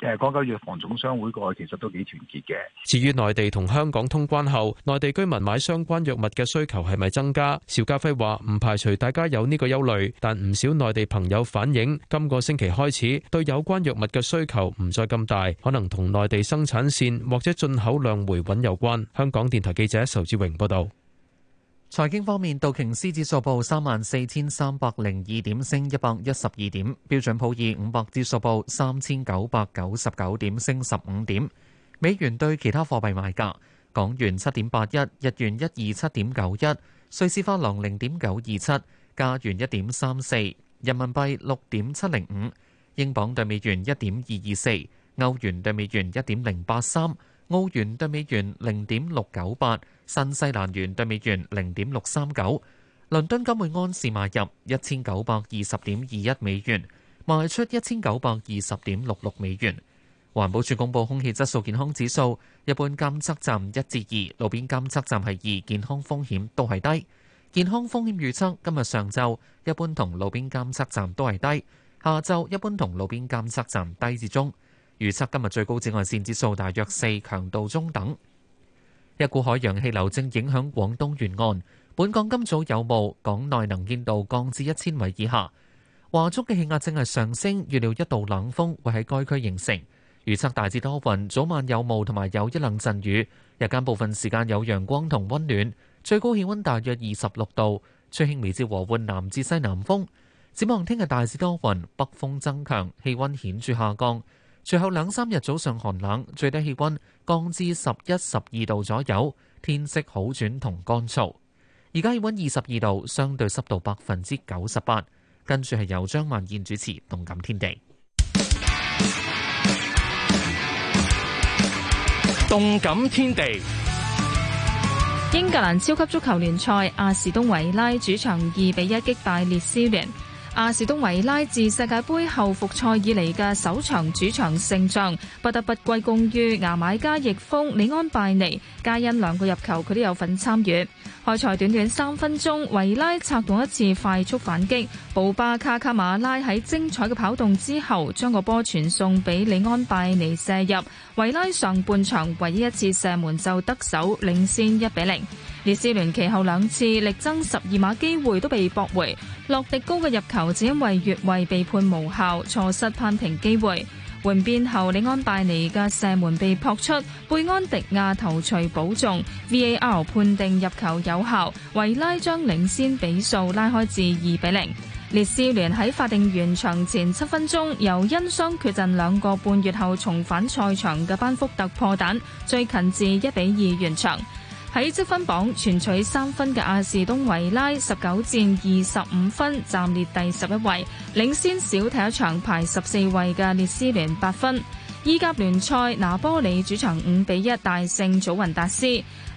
誒講緊藥房總商會個，其實都幾團結嘅。至於內地同香港通關後，內地居民買相關藥物嘅需求係咪增加？邵家輝話唔排除大家有呢個憂慮，但唔少內地朋友反映，今個星期開始對有關藥物嘅需求唔再咁大，可能同內地生產線或者進口量回穩有關。香港電台記者仇志榮報導。財經方面，道瓊斯指數報三萬四千三百零二點，升一百一十二點；標準普爾五百指數報三千九百九十九點，升十五點。美元對其他貨幣賣價：港元七點八一，日元一二七點九一，瑞士法郎零點九二七，加元一點三四，人民幣六點七零五，英鎊對美元一點二二四，歐元對美元一點零八三。澳元兌美元零點六九八，新西蘭元兌美元零點六三九，倫敦金會安士買入一千九百二十點二一美元，賣出一千九百二十點六六美元。環保署公布空氣質素健康指數，一般監測站一至二，路邊監測站係二，健康風險都係低。健康風險預測今日上晝一般同路邊監測站都係低，下晝一般同路邊監測站低至中。預測今日最高紫外線指數大約四，強度中等。一股海洋氣流正影響廣東沿岸，本港今早有霧，港內能見度降至一千米以下。華中嘅氣壓正係上升，預料一道冷鋒會喺該區形成。預測大致多雲，早晚有霧，同埋有一冷陣雨。日間部分時間有陽光同溫暖，最高氣溫大約二十六度，吹輕微至和緩，南至西南風。展望聽日大致多雲，北風增強，氣溫顯著下降。隨後兩三日早上寒冷，最低氣溫降至十一、十二度左右，天色好轉同乾燥。而家氣溫二十二度，相對濕度百分之九十八。跟住係由張曼燕主持《動感天地》。《動感天地》英格蘭超級足球聯賽，阿士東維拉主場二比一擊敗列斯聯。阿士東維拉自世界盃後復賽以嚟嘅首場主場勝仗，不得不歸功於牙買加翼鋒李安拜尼，皆因兩個入球，佢都有份參與。開賽短短三分鐘，維拉策動一次快速反擊，布巴卡卡馬拉喺精彩嘅跑動之後，將個波傳送俾李安拜尼射入。維拉上半場唯一一次射門就得手，領先一比零。列斯聯其後兩次力爭十二碼機會都被駁回。洛迪高嘅入球只因為越位被判無效，錯失攀平機會。換邊後，李安拜尼嘅射門被撲出，貝安迪亞頭槌補中，VAR 判定入球有效，維拉將領先比數拉開至二比零。列斯聯喺法定完場前七分鐘，由因傷缺陣兩個半月後重返賽場嘅班福特破蛋，最近至一比二完場。喺積分榜全取三分嘅阿士東維拉十九戰二十五分，暫列第十一位，領先少踢一場排十四位嘅列斯聯八分。意甲聯賽拿波里主場五比一大勝祖雲達斯。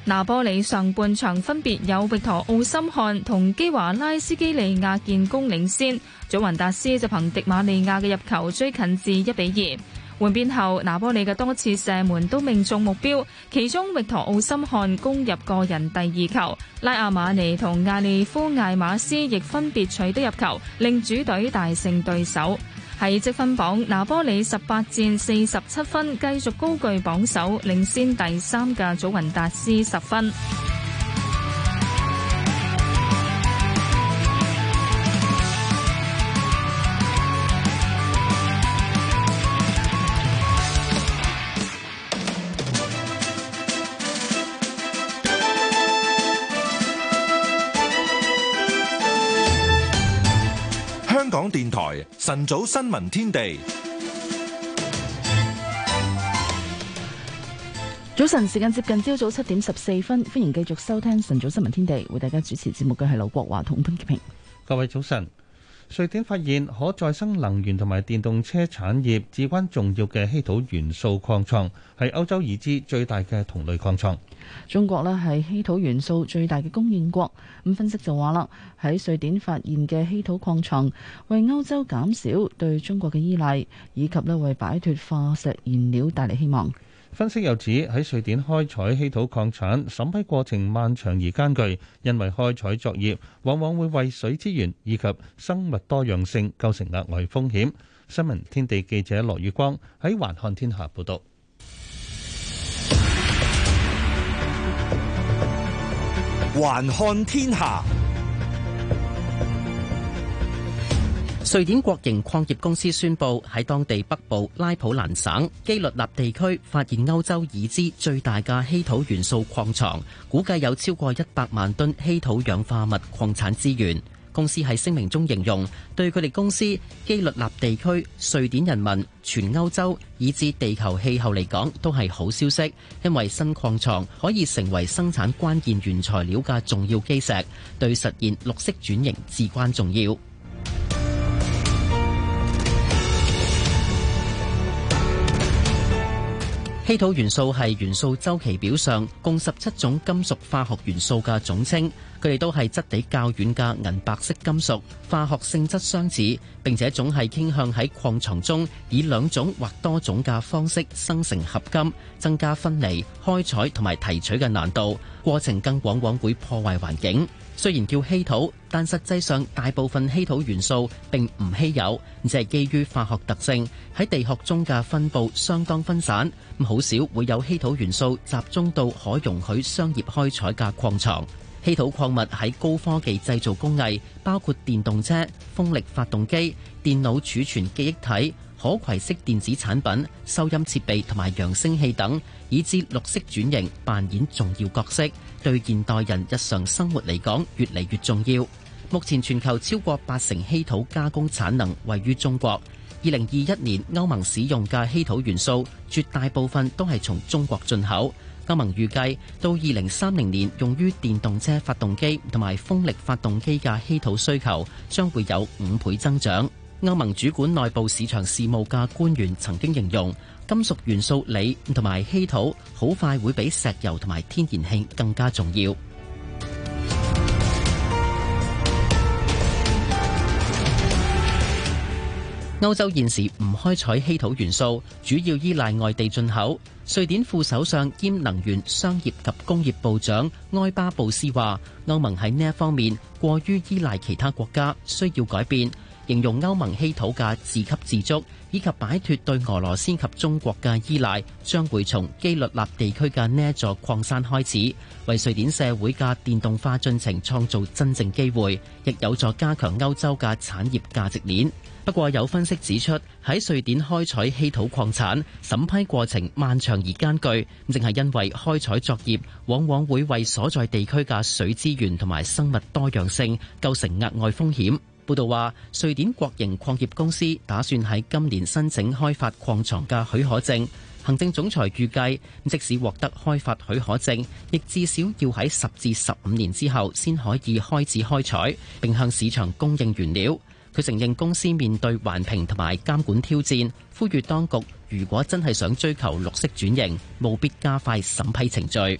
拿波里上半場分別有域陀奧森漢同基華拉斯基利亞建功領先，祖雲達斯就憑迪馬利亞嘅入球追近至一比二。換邊後，拿波里嘅多次射門都命中目標，其中域陀奧森漢攻入個人第二球，拉阿馬尼同亞利夫艾馬斯亦分別取得入球，令主隊大勝對手。喺積分榜，拿波里十八戰四十七分，繼續高居榜首，領先第三嘅祖雲達斯十分。晨早新聞天地，早晨，時間接近朝早七點十四分，歡迎繼續收聽晨早新聞天地，為大家主持節目嘅係劉國華同潘潔平。各位早晨，瑞典發現可再生能源同埋電動車產業至關重要嘅稀土元素礦床，係歐洲已知最大嘅同類礦床。中國咧係稀土元素最大嘅供應國，咁分析就話啦，喺瑞典發現嘅稀土礦床為歐洲減少對中國嘅依賴，以及咧為擺脱化石燃料帶嚟希望。分析又指喺瑞典開採稀土礦產審批過程漫長而艱巨，因為開採作業往往會為水資源以及生物多樣性構成額外風險。新聞天地記者羅宇光喺環看天下報道。環看天下，瑞典國營礦業公司宣布，喺當地北部拉普蘭省基律納地區發現歐洲已知最大嘅稀土元素礦床，估計有超過一百萬噸稀土氧化物礦產資源。公司喺聲明中形容，對佢哋公司、基律納地區、瑞典人民、全歐洲以至地球氣候嚟講，都係好消息，因為新礦床可以成為生產關鍵原材料嘅重要基石，對實現綠色轉型至關重要。稀土元素係元素週期表上共十七種金屬化學元素嘅總稱，佢哋都係質地較軟嘅銀白色金屬，化學性質相似，並且總係傾向喺礦藏中以兩種或多種嘅方式生成合金，增加分離、開採同埋提取嘅難度，過程更往往會破壞環境。雖然叫稀土，但實際上大部分稀土元素並唔稀有，只係基於化學特性喺地殼中嘅分布相當分散，好少會有稀土元素集中到可容許商業開採嘅礦場。稀土礦物喺高科技製造工藝，包括電動車、風力發動機、電腦儲存記憶體可攜式電子產品收音設備同埋揚聲器等，以至綠色轉型扮演重要角色對現代人日常生活嚟講越嚟越重要。目前全球超過八成稀土加工產能位於中國。二零二一年歐盟使用嘅稀土元素絕大部分都係從中國進口。歐盟預計到二零三零年用於電動車發動機同埋風力發動機嘅稀土需求將會有五倍增長。歐盟主管內部市場事務嘅官員曾經形容，金屬元素鋰同埋稀土好快會比石油同埋天然氣更加重要。 [music] 歐洲現時唔開採稀土元素，主要依賴外地進口。瑞典副首相兼能源、商業及工業部長埃巴布斯話，歐盟喺呢一方面過於依賴其他國家，需要改變。形容歐盟稀土嘅自給自足，以及擺脱對俄羅斯及中國嘅依賴，將會從基律納地區嘅呢一座礦山開始，為瑞典社會嘅電動化進程創造真正機會，亦有助加強歐洲嘅產業價值鏈。不過，有分析指出，喺瑞典開採稀土礦產審批過程漫長而艱巨，咁正係因為開採作業往往會為所在地區嘅水資源同埋生物多樣性構成額外風險。報道話，瑞典國營礦業公司打算喺今年申請開發礦床嘅許可證。行政總裁預計，即使獲得開發許可證，亦至少要喺十至十五年之後先可以開始開採，並向市場供應原料。佢承認公司面對環評同埋監管挑戰，呼籲當局如果真係想追求綠色轉型，務必加快審批程序。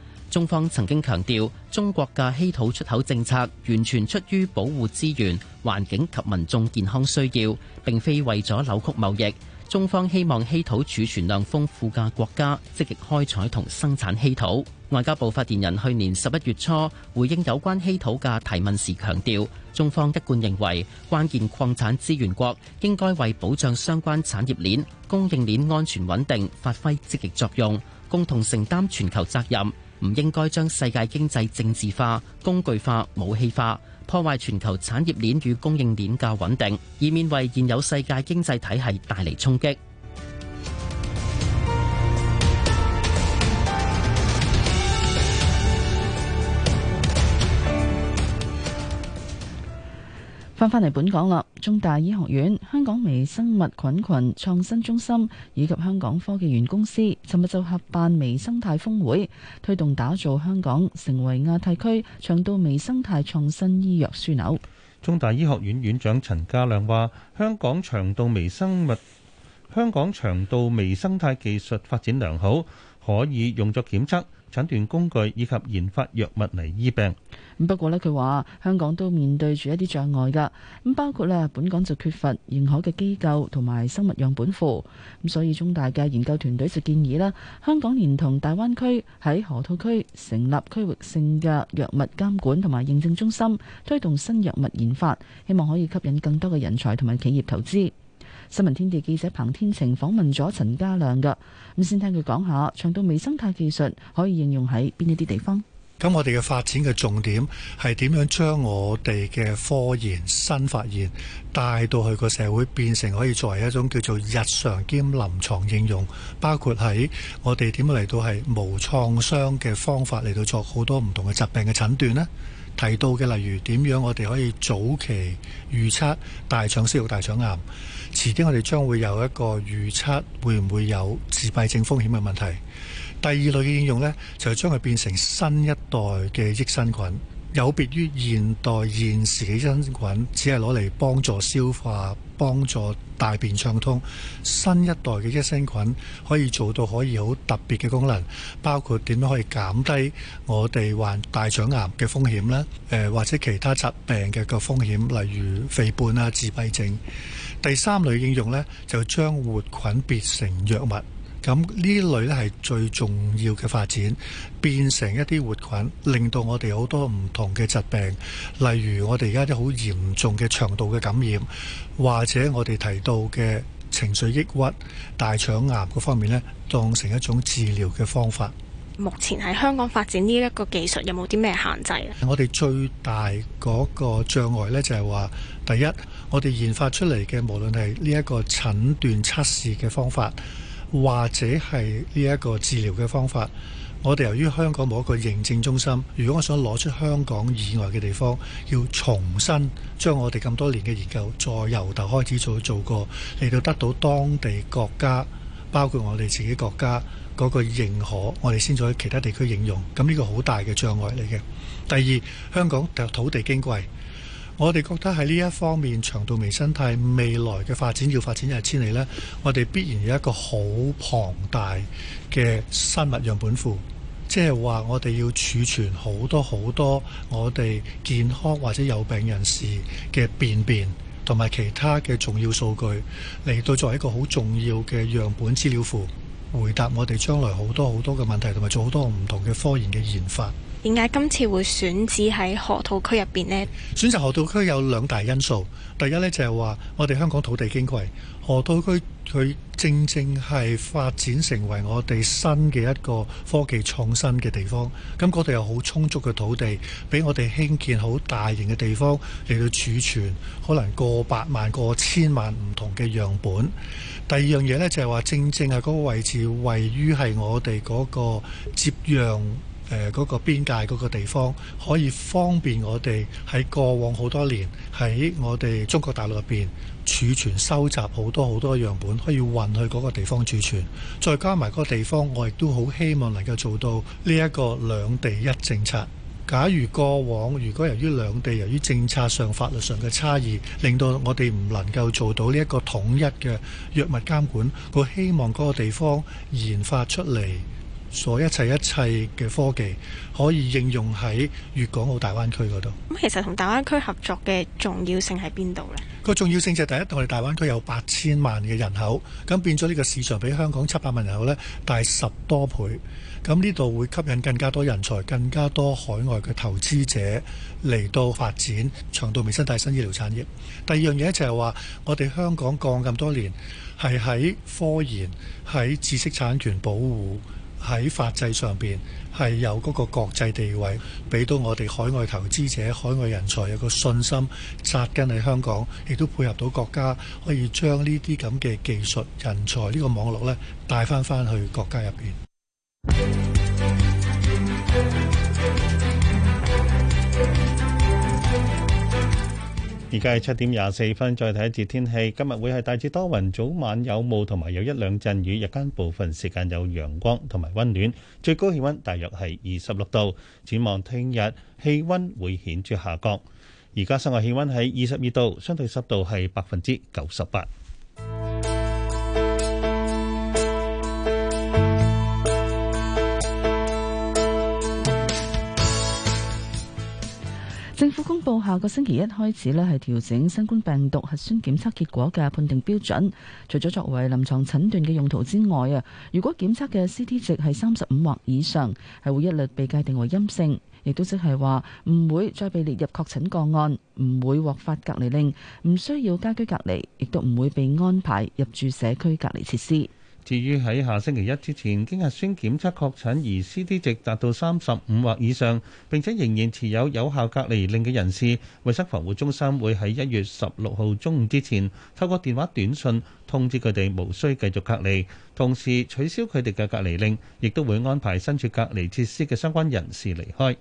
中方曾經強調，中國嘅稀土出口政策完全出於保護資源、環境及民眾健康需要，並非為咗扭曲貿易。中方希望稀土儲存量豐富嘅國家積極開採同生產稀土。外交部發言人去年十一月初回應有關稀土嘅提問時強調，中方一貫認為關鍵礦產資源國應該為保障相關產業鏈、供應鏈安全穩定發揮積極，極作用，共同承擔全球責任。唔應該將世界經濟政治化、工具化、武器化，破壞全球產業鏈與供應鏈嘅穩定，以免為現有世界經濟體系帶嚟衝擊。翻返嚟本港啦！中大醫學院、香港微生物菌群創新中心以及香港科技園公司尋日就合辦微生態峰會，推動打造香港成為亞太區腸道微生態創新醫藥樞紐。中大醫學院院長陳家亮話，香港腸道微生物、香港腸道微生態技術發展良好，可以用作檢測。診斷工具以及研發藥物嚟醫病。不過，呢佢話香港都面對住一啲障礙噶咁，包括啦，本港就缺乏認可嘅機構同埋生物樣本庫咁，所以中大嘅研究團隊就建議啦，香港連同大灣區喺河套區成立區域性嘅藥物監管同埋認證中心，推動新藥物研發，希望可以吸引更多嘅人才同埋企業投資。新聞天地記者彭天晴訪問咗陳家亮噶咁，先聽佢講下腸道微生態技術可以應用喺邊一啲地方。咁我哋嘅發展嘅重點係點樣將我哋嘅科研新發現帶到去個社會，變成可以作為一種叫做日常兼臨床應用，包括喺我哋點樣嚟到係無創傷嘅方法嚟到作好多唔同嘅疾病嘅診斷呢？提到嘅例如點樣我哋可以早期預測大腸息肉、大腸癌。遲啲我哋將會有一個預測，會唔會有自閉症風險嘅問題？第二類嘅應用呢，就係將佢變成新一代嘅益生菌。有別於現代現時嘅益生菌，只係攞嚟幫助消化、幫助大便暢通。新一代嘅益生菌可以做到可以好特別嘅功能，包括點樣可以減低我哋患大腸癌嘅風險啦。誒、呃，或者其他疾病嘅個風險，例如肥胖啊、自閉症。第三類應用呢，就將活菌變成藥物。咁呢類咧係最重要嘅發展，變成一啲活菌，令到我哋好多唔同嘅疾病，例如我哋而家啲好嚴重嘅腸道嘅感染，或者我哋提到嘅情緒抑鬱、大腸癌嗰方面呢，當成一種治療嘅方法。目前喺香港發展呢一個技術，有冇啲咩限制啊？我哋最大嗰個障礙呢，就係話，第一我哋研發出嚟嘅，無論係呢一個診斷測試嘅方法。或者係呢一個治療嘅方法，我哋由於香港冇一個認證中心，如果我想攞出香港以外嘅地方，要重新將我哋咁多年嘅研究再由頭開始再做，做過，嚟到得到當地國家，包括我哋自己國家嗰個認可，我哋先可喺其他地區應用。咁呢個好大嘅障礙嚟嘅。第二，香港嘅土地矜貴。我哋覺得喺呢一方面，長度微生態未來嘅發展要發展一日千里呢。我哋必然有一個好龐大嘅生物樣本庫，即係話我哋要儲存好多好多我哋健康或者有病人士嘅便便同埋其他嘅重要數據，嚟到作為一個好重要嘅樣本資料庫，回答我哋將來好多好多嘅問題，同埋做好多唔同嘅科研嘅研發。點解今次會選址喺河套區入邊呢？選擇河套區有兩大因素，第一呢就係話我哋香港土地矜貴，河套區佢正正係發展成為我哋新嘅一個科技創新嘅地方。咁嗰度有好充足嘅土地，俾我哋興建好大型嘅地方嚟到儲存可能過百萬、過千萬唔同嘅樣本。第二樣嘢呢，就係話正正係嗰個位置位於係我哋嗰個接壤。誒，嗰個邊界嗰個地方可以方便我哋，喺過往好多年喺我哋中國大陸入邊儲存收集好多好多樣本，可以運去嗰個地方儲存。再加埋嗰個地方，我亦都好希望能夠做到呢一個兩地一政策。假如過往如果由於兩地由於政策上法律上嘅差異，令到我哋唔能夠做到呢一個統一嘅藥物監管，我希望嗰個地方研發出嚟。所一切一切嘅科技可以應用喺粵港澳大灣區嗰度。咁其實同大灣區合作嘅重要性喺邊度咧？個重要性就係第一，我哋大灣區有八千萬嘅人口，咁變咗呢個市場比香港七百萬人口咧大十多倍。咁呢度會吸引更加多人才、更加多海外嘅投資者嚟到發展長度、民生、大新醫療產業。第二樣嘢就係話，我哋香港降咁多年，係喺科研、喺知識產權保護。喺法制上邊係有嗰個國際地位，俾到我哋海外投資者、海外人才有個信心扎根喺香港，亦都配合到國家可以將呢啲咁嘅技術人才呢個網絡呢帶翻翻去國家入邊。 [music] 而家係七點廿四分，再睇一節天氣。今日會係大致多雲，早晚有霧同埋有一兩陣雨，日間部分時間有陽光同埋溫暖，最高氣溫大約係二十六度。展望聽日氣溫會顯著下降。而家室外氣溫喺二十二度，相對濕度係百分之九十八。政府公布下個星期一開始呢，係調整新冠病毒核酸檢測結果嘅判定標準。除咗作為臨牀診斷嘅用途之外啊，如果檢測嘅 CT 值係三十五或以上，係會一律被界定為陰性，亦都即係話唔會再被列入確診個案，唔會獲發隔離令，唔需要家居隔離，亦都唔會被安排入住社區隔離設施。至於喺下星期一之前，經核酸檢測確診而 C D 值達到三十五或以上，並且仍然持有有效隔離令嘅人士，衞生防護中心會喺一月十六號中午之前透過電話短訊通知佢哋無需繼續隔離，同時取消佢哋嘅隔離令，亦都會安排身處隔離設施嘅相關人士離開。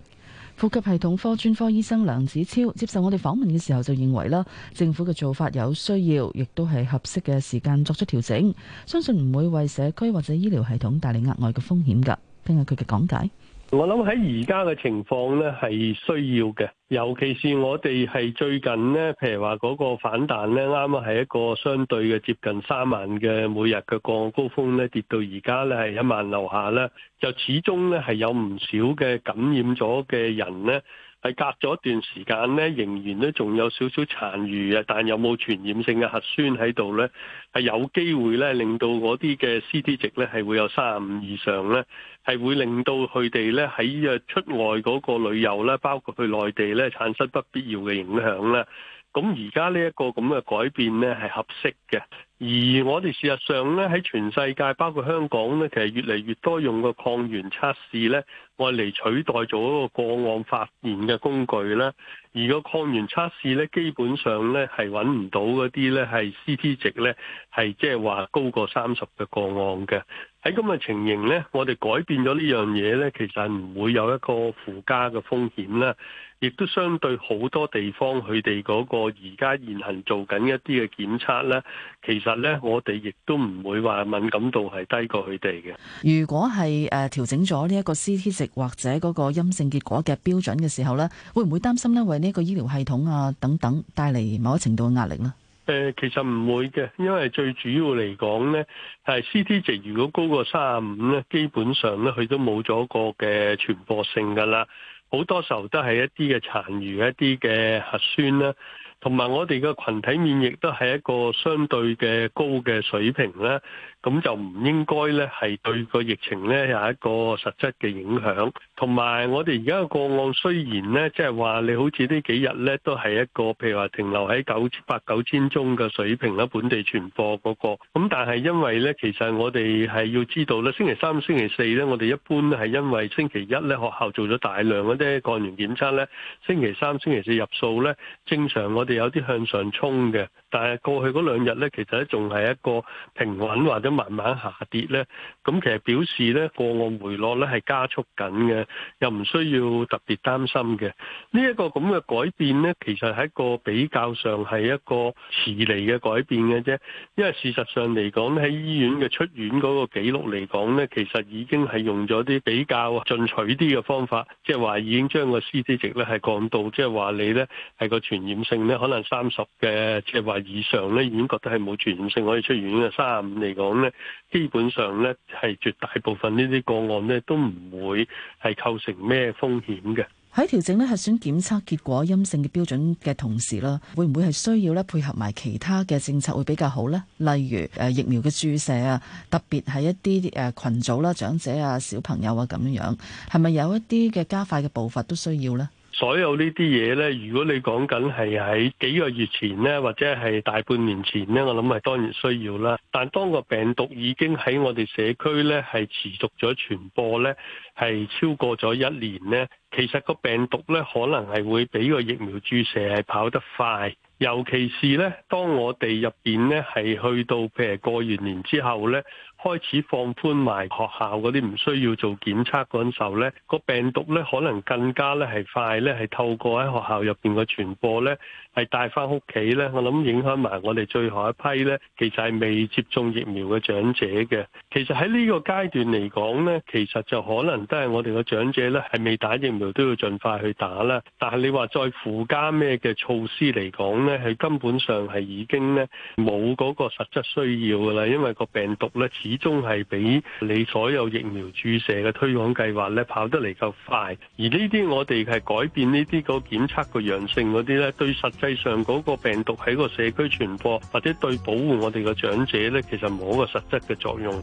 呼吸系統科專科醫生梁子超接受我哋訪問嘅時候就認為啦，政府嘅做法有需要，亦都係合適嘅時間作出調整，相信唔會為社區或者醫療系統帶嚟額外嘅風險㗎。聽下佢嘅講解。我諗喺而家嘅情況呢係需要嘅，尤其是我哋係最近呢，譬如話嗰個反彈呢，啱啱係一個相對嘅接近三萬嘅每日嘅個高峰呢，跌到而家呢係一萬樓下呢，就始終呢係有唔少嘅感染咗嘅人呢。係隔咗一段時間咧，仍然咧仲有少少殘餘嘅，但有冇傳染性嘅核酸喺度咧？係有機會咧，令到嗰啲嘅 CT 值咧係會有三十五以上咧，係會令到佢哋咧喺出外嗰個旅遊咧，包括去內地咧，產生不必要嘅影響啦。咁而家呢一個咁嘅改變呢係合適嘅，而我哋事實上呢，喺全世界包括香港呢，其實越嚟越多用個抗原測試呢，我嚟取代咗一個個案發現嘅工具啦。而個抗原測試呢，基本上呢係揾唔到嗰啲呢係 CT 值呢，係即係話高過三十嘅個案嘅。喺咁嘅情形呢，我哋改變咗呢樣嘢呢，其實唔會有一個附加嘅風險啦。亦都相對好多地方，佢哋嗰個而家現行做緊一啲嘅檢測咧，其實咧，我哋亦都唔會話敏感度係低過佢哋嘅。如果係誒調整咗呢一個 CT 值或者嗰個陰性結果嘅標準嘅時候咧，會唔會擔心呢？為呢個醫療系統啊等等帶嚟某一程度嘅壓力呢？誒、呃，其實唔會嘅，因為最主要嚟講咧，係 CT 值如果高過三十五咧，基本上咧佢都冇咗個嘅傳播性㗎啦。好多時候都係一啲嘅殘餘、一啲嘅核酸啦，同埋我哋嘅群體免疫都係一個相對嘅高嘅水平啦。咁就唔應該呢，係對個疫情呢，有一個實質嘅影響。同埋我哋而家個案雖然呢，即係話你好似呢幾日呢，都係一個譬如話停留喺九八九千宗嘅水平啦，本地傳播嗰、嗰個。咁但係因為呢，其實我哋係要知道咧，星期三、星期四呢，我哋一般係因為星期一呢，學校做咗大量嗰啲抗原檢測呢，星期三、星期四入數呢，正常我哋有啲向上衝嘅。但係過去嗰兩日呢，其實咧仲係一個平穩或者。慢慢下跌呢，咁其實表示呢個案回落呢係加速緊嘅，又唔需要特別擔心嘅。呢、這、一個咁嘅改變呢，其實係一個比較上係一個遲嚟嘅改變嘅啫。因為事實上嚟講咧，喺醫院嘅出院嗰個記錄嚟講呢，其實已經係用咗啲比較進取啲嘅方法，即係話已經將個 CT 值呢係降到，即係話你呢係個傳染性呢可能三十嘅，即係話以上呢已經覺得係冇傳染性可以出院嘅三十五嚟講。咧基本上咧，係絕大部分呢啲個案呢都唔會係構成咩風險嘅。喺調整咧核酸檢測結果陰性嘅標準嘅同時啦，會唔會係需要咧配合埋其他嘅政策會比較好呢？例如誒，疫苗嘅注射啊，特別係一啲誒群組啦、長者啊、小朋友啊咁樣樣，係咪有一啲嘅加快嘅步伐都需要呢？所有呢啲嘢呢，如果你講緊係喺幾個月前呢，或者係大半年前呢，我諗係當然需要啦。但當個病毒已經喺我哋社區呢係持續咗傳播呢，係超過咗一年呢，其實個病毒呢可能係會比個疫苗注射係跑得快，尤其是呢，當我哋入邊呢係去到譬如過完年之後呢。開始放寬埋學校嗰啲唔需要做檢測嗰陣時候呢，呢個病毒呢可能更加呢係快呢係透過喺學校入邊嘅傳播呢係帶翻屋企呢。我諗影響埋我哋最後一批呢，其實係未接種疫苗嘅長者嘅。其實喺呢個階段嚟講呢，其實就可能都係我哋嘅長者呢，係未打疫苗都要盡快去打啦。但係你話再附加咩嘅措施嚟講呢，係根本上係已經呢冇嗰個實質需要噶啦，因為個病毒呢。始終係比你所有疫苗注射嘅推廣計劃咧跑得嚟夠快，而呢啲我哋係改變呢啲個檢測個陽性嗰啲咧，對實際上嗰個病毒喺個社區傳播，或者對保護我哋嘅長者咧，其實冇一個實質嘅作用。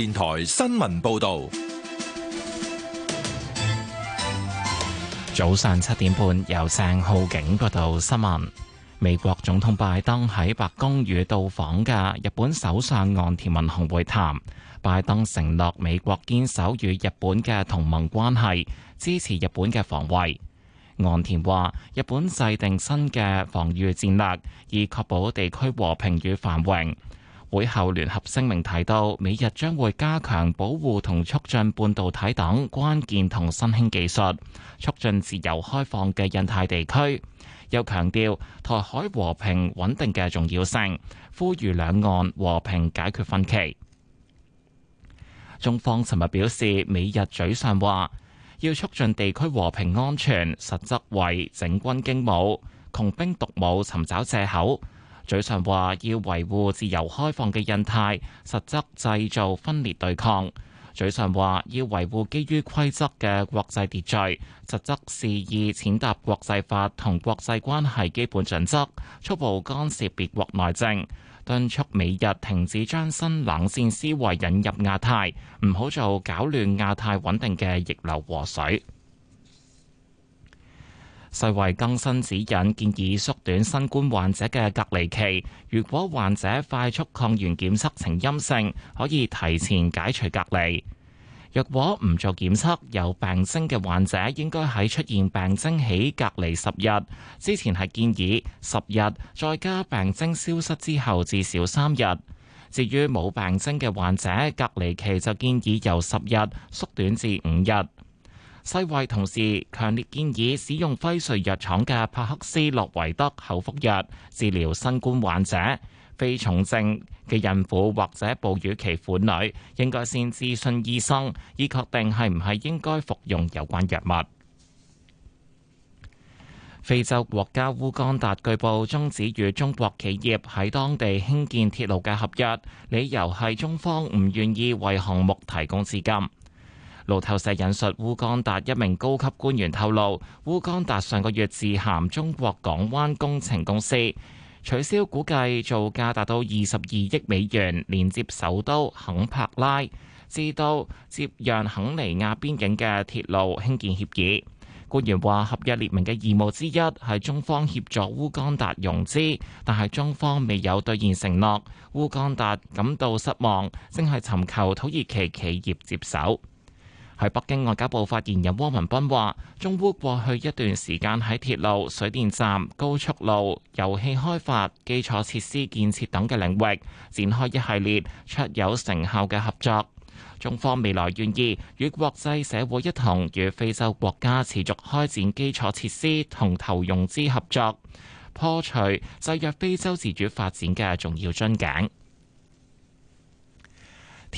電台新聞報道：早上七點半，由鄭浩景報道新聞。美國總統拜登喺白宮與到訪嘅日本首相岸田文雄會談，拜登承諾美國堅守與日本嘅同盟關係，支持日本嘅防衛。岸田話：日本制定新嘅防禦戰略，以確保地區和平與繁榮。會後聯合聲明提到，美日將會加強保護同促進半導體等關鍵同新興技術，促進自由開放嘅印太地區。又強調台海和平穩定嘅重要性，呼籲兩岸和平解決分歧。中方尋日表示，美日嘴上話要促進地區和平安全，實則為整軍經武、窮兵黷武，尋找借口。嘴上話要維護自由開放嘅印太，實則製造分裂對抗；嘴上話要維護基於規則嘅國際秩序，實則肆意踐踏國際法同國際關係基本準則，粗暴干涉別國內政，敦促美日停止將新冷戰思維引入亞太，唔好做搞亂亞太穩定嘅逆流河水。世衛更新指引，建議縮短新冠患者嘅隔離期。如果患者快速抗原檢測呈陰性，可以提前解除隔離。若果唔做檢測有病徵嘅患者，應該喺出現病徵起隔離十日，之前係建議十日，再加病徵消失之後至少三日。至於冇病徵嘅患者，隔離期就建議由十日縮短至五日。世衞同時強烈建議使用輝瑞藥廠嘅帕克斯洛維德口服藥治療新冠患者。非重症嘅孕婦或者哺乳期婦女應該先諮詢醫生，以確定係唔係應該服用有關藥物。非洲國家烏干達據報終止與中國企業喺當地興建鐵路嘅合約，理由係中方唔願意為項目提供資金。路透社引述烏干達一名高級官員透露，烏干達上個月致函中國港灣工程公司取消估計造價達到二十二億美元，連接首都肯珀拉至到接壤肯尼亞邊境嘅鐵路興建協議。官員話，合約列明嘅義務之一係中方協助烏干達融資，但係中方未有兌現承諾，烏干達感到失望，正係尋求土耳其企業接手。喺北京外交部發言人汪文斌話，中烏過去一段時間喺鐵路、水電站、高速路、油氣開發、基礎設施建設等嘅領域展開一系列卓有成效嘅合作。中方未來願意與國際社會一同與非洲國家持續開展基礎設施同投融資合作，破除制約非洲自主發展嘅重要樽頸。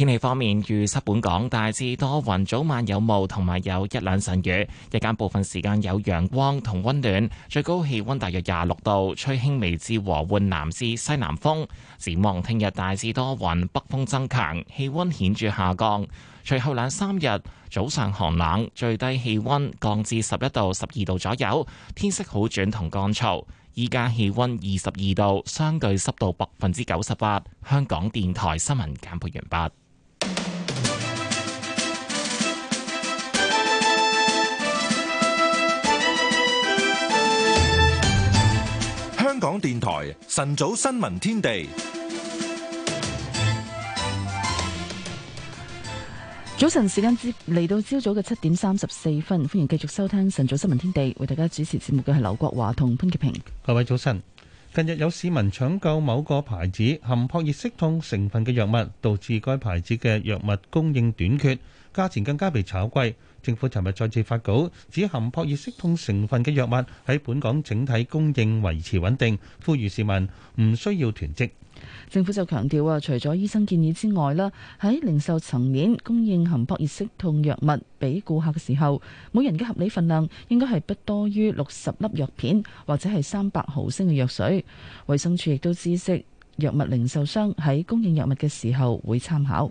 天氣方面，預測本港大致多雲，早晚有霧，同埋有一兩陣雨。日間部分時間有陽光同溫暖，最高氣溫大約廿六度，吹輕微至和緩南至西南風。展望聽日大致多雲，北風增強，氣溫顯著下降。隨後兩三日早上寒冷，最低氣溫降至十一度，十二度左右，天色好轉同乾燥。依家氣溫二十二度，相對濕度百分之九十八。香港電台新聞簡報完畢。香港電台晨早新聞天地，早晨時間之嚟，到朝早嘅七點三十四分，歡迎繼續收聽晨早新聞天地，為大家主持節目嘅係劉國華同潘潔平。各位早晨，近日有市民搶購某個牌子含撲熱息痛成分嘅藥物，導致該牌子嘅藥物供應短缺，價錢更加被炒貴。政府尋日再次發稿，指含撲熱息痛成分嘅藥物喺本港整體供應維持穩定，呼籲市民唔需要囤積。政府就強調啊，除咗醫生建議之外啦，喺零售層面供應含撲熱息痛藥物俾顧客嘅時候，每人嘅合理份量應該係不多於六十粒藥片或者係三百毫升嘅藥水。衛生署亦都知悉，藥物零售商喺供應藥物嘅時候會參考。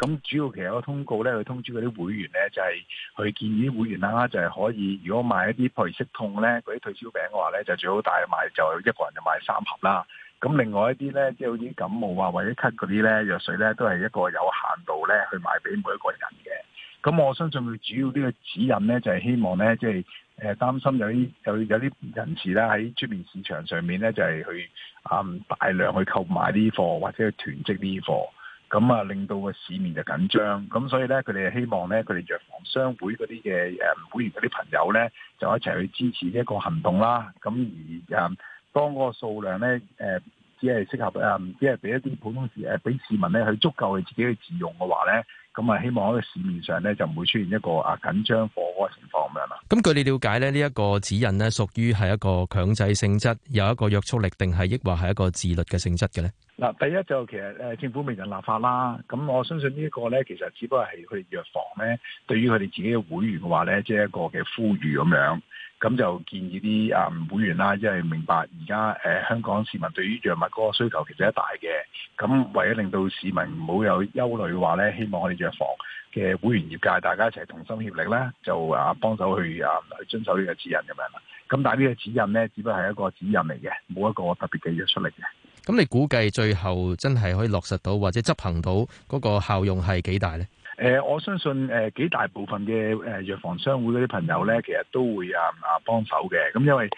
咁主要其實個通告咧，佢通知嗰啲會員咧，就係、是、佢建議會員啦，就係、是、可以如果買一啲撲熱息痛咧、嗰啲退燒餅嘅話咧，就最好帶埋就一個人就買三盒啦。咁另外一啲咧，即係好似感冒啊或者咳嗰啲咧藥水咧，都係一個有限度咧去賣俾每一個人嘅。咁我相信佢主要呢個指引咧，就係、是、希望咧，即係誒擔心有啲有有啲人士啦喺出面市場上面咧，就係、是、去啊、嗯、大量去購買啲貨或者去囤積啲貨。咁啊、嗯，令到個市面就緊張，咁、嗯、所以咧，佢哋希望咧，佢哋藥房商會嗰啲嘅誒會員嗰啲朋友咧，就一齊去支持呢一個行動啦。咁、嗯、而誒、嗯，當嗰個數量咧，誒、呃、只係適合誒、嗯，只係俾一啲普通市誒，俾、啊、市民咧去足夠佢自，自己去自用嘅話咧。咁啊，希望喺個市面上咧就唔會出現一個啊緊張貨荒嘅情況咁樣啦。咁據你了解咧，呢、這、一個指引咧屬於係一個強制性質，有一個約束力，定係抑或係一個自律嘅性質嘅咧？嗱，第一就其實誒政府未有立法啦，咁我相信呢一個咧其實只不過係佢藥房咧，對於佢哋自己嘅會員嘅話咧，即、就、係、是、一個嘅呼籲咁樣。咁就建議啲啊、嗯、會員啦，即係明白而家誒香港市民對於藥物嗰個需求其實大一大嘅。咁為咗令到市民唔好有憂慮，話咧，希望我哋藥房嘅會員業界大家一齊同心協力咧，就啊幫手去啊去、嗯、遵守呢個指引咁樣啦。咁但係呢個指引咧，只不過係一個指引嚟嘅，冇一個特別嘅藥出嚟嘅。咁你估計最後真係可以落實到或者執行到嗰個效用係幾大咧？誒、呃，我相信誒、呃，幾大部分嘅誒藥房商會嗰啲朋友咧，其實都會啊啊幫手嘅。咁、嗯、因為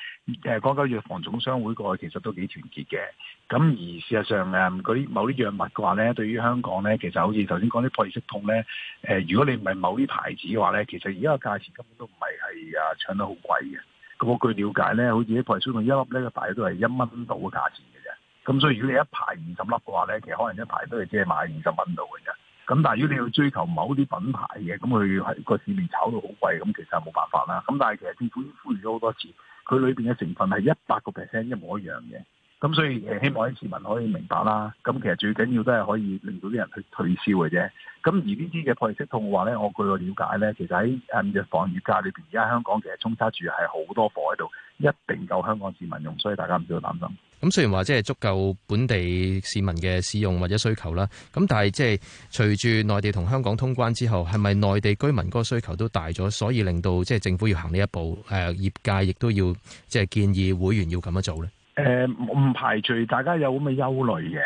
誒，嗰個藥房總商會個，其實都幾團結嘅。咁、嗯、而事實上誒，啲、嗯、某啲藥物嘅話咧，對於香港咧，其實好似頭先講啲撲熱息痛咧，誒、呃，如果你唔係某啲牌子嘅話咧，其實而家個價錢根本都唔係係啊，搶、哎、得好貴嘅。咁據了解咧，好似啲撲熱息痛一粒咧，個大約都係一蚊到嘅價錢嘅啫。咁所以如果你一排二十粒嘅話咧，其實可能一排都係只係買二十蚊到嘅啫。咁但係如果你要追求某啲品牌嘅，咁佢喺個市面炒到好貴，咁其實冇辦法啦。咁但係其實政府已經呼籲咗好多次，佢裏邊嘅成分係一百個 percent 一模一樣嘅。咁所以希望啲市民可以明白啦。咁其實最緊要都係可以令到啲人去退燒嘅啫。咁而貨呢啲嘅撲熱息痛嘅話咧，我據我了解咧，其實喺藥房、藥架裏邊，而家香港其實充塞住係好多貨喺度，一定夠香港市民用，所以大家唔需要擔心。咁雖然話即係足夠本地市民嘅使用或者需求啦，咁但係即係隨住內地同香港通關之後，係咪內地居民嗰個需求都大咗，所以令到即係政府要行呢一步？誒、呃，業界亦都要即係建議會員要咁樣做咧？誒、呃，唔排除大家有咁嘅憂慮嘅。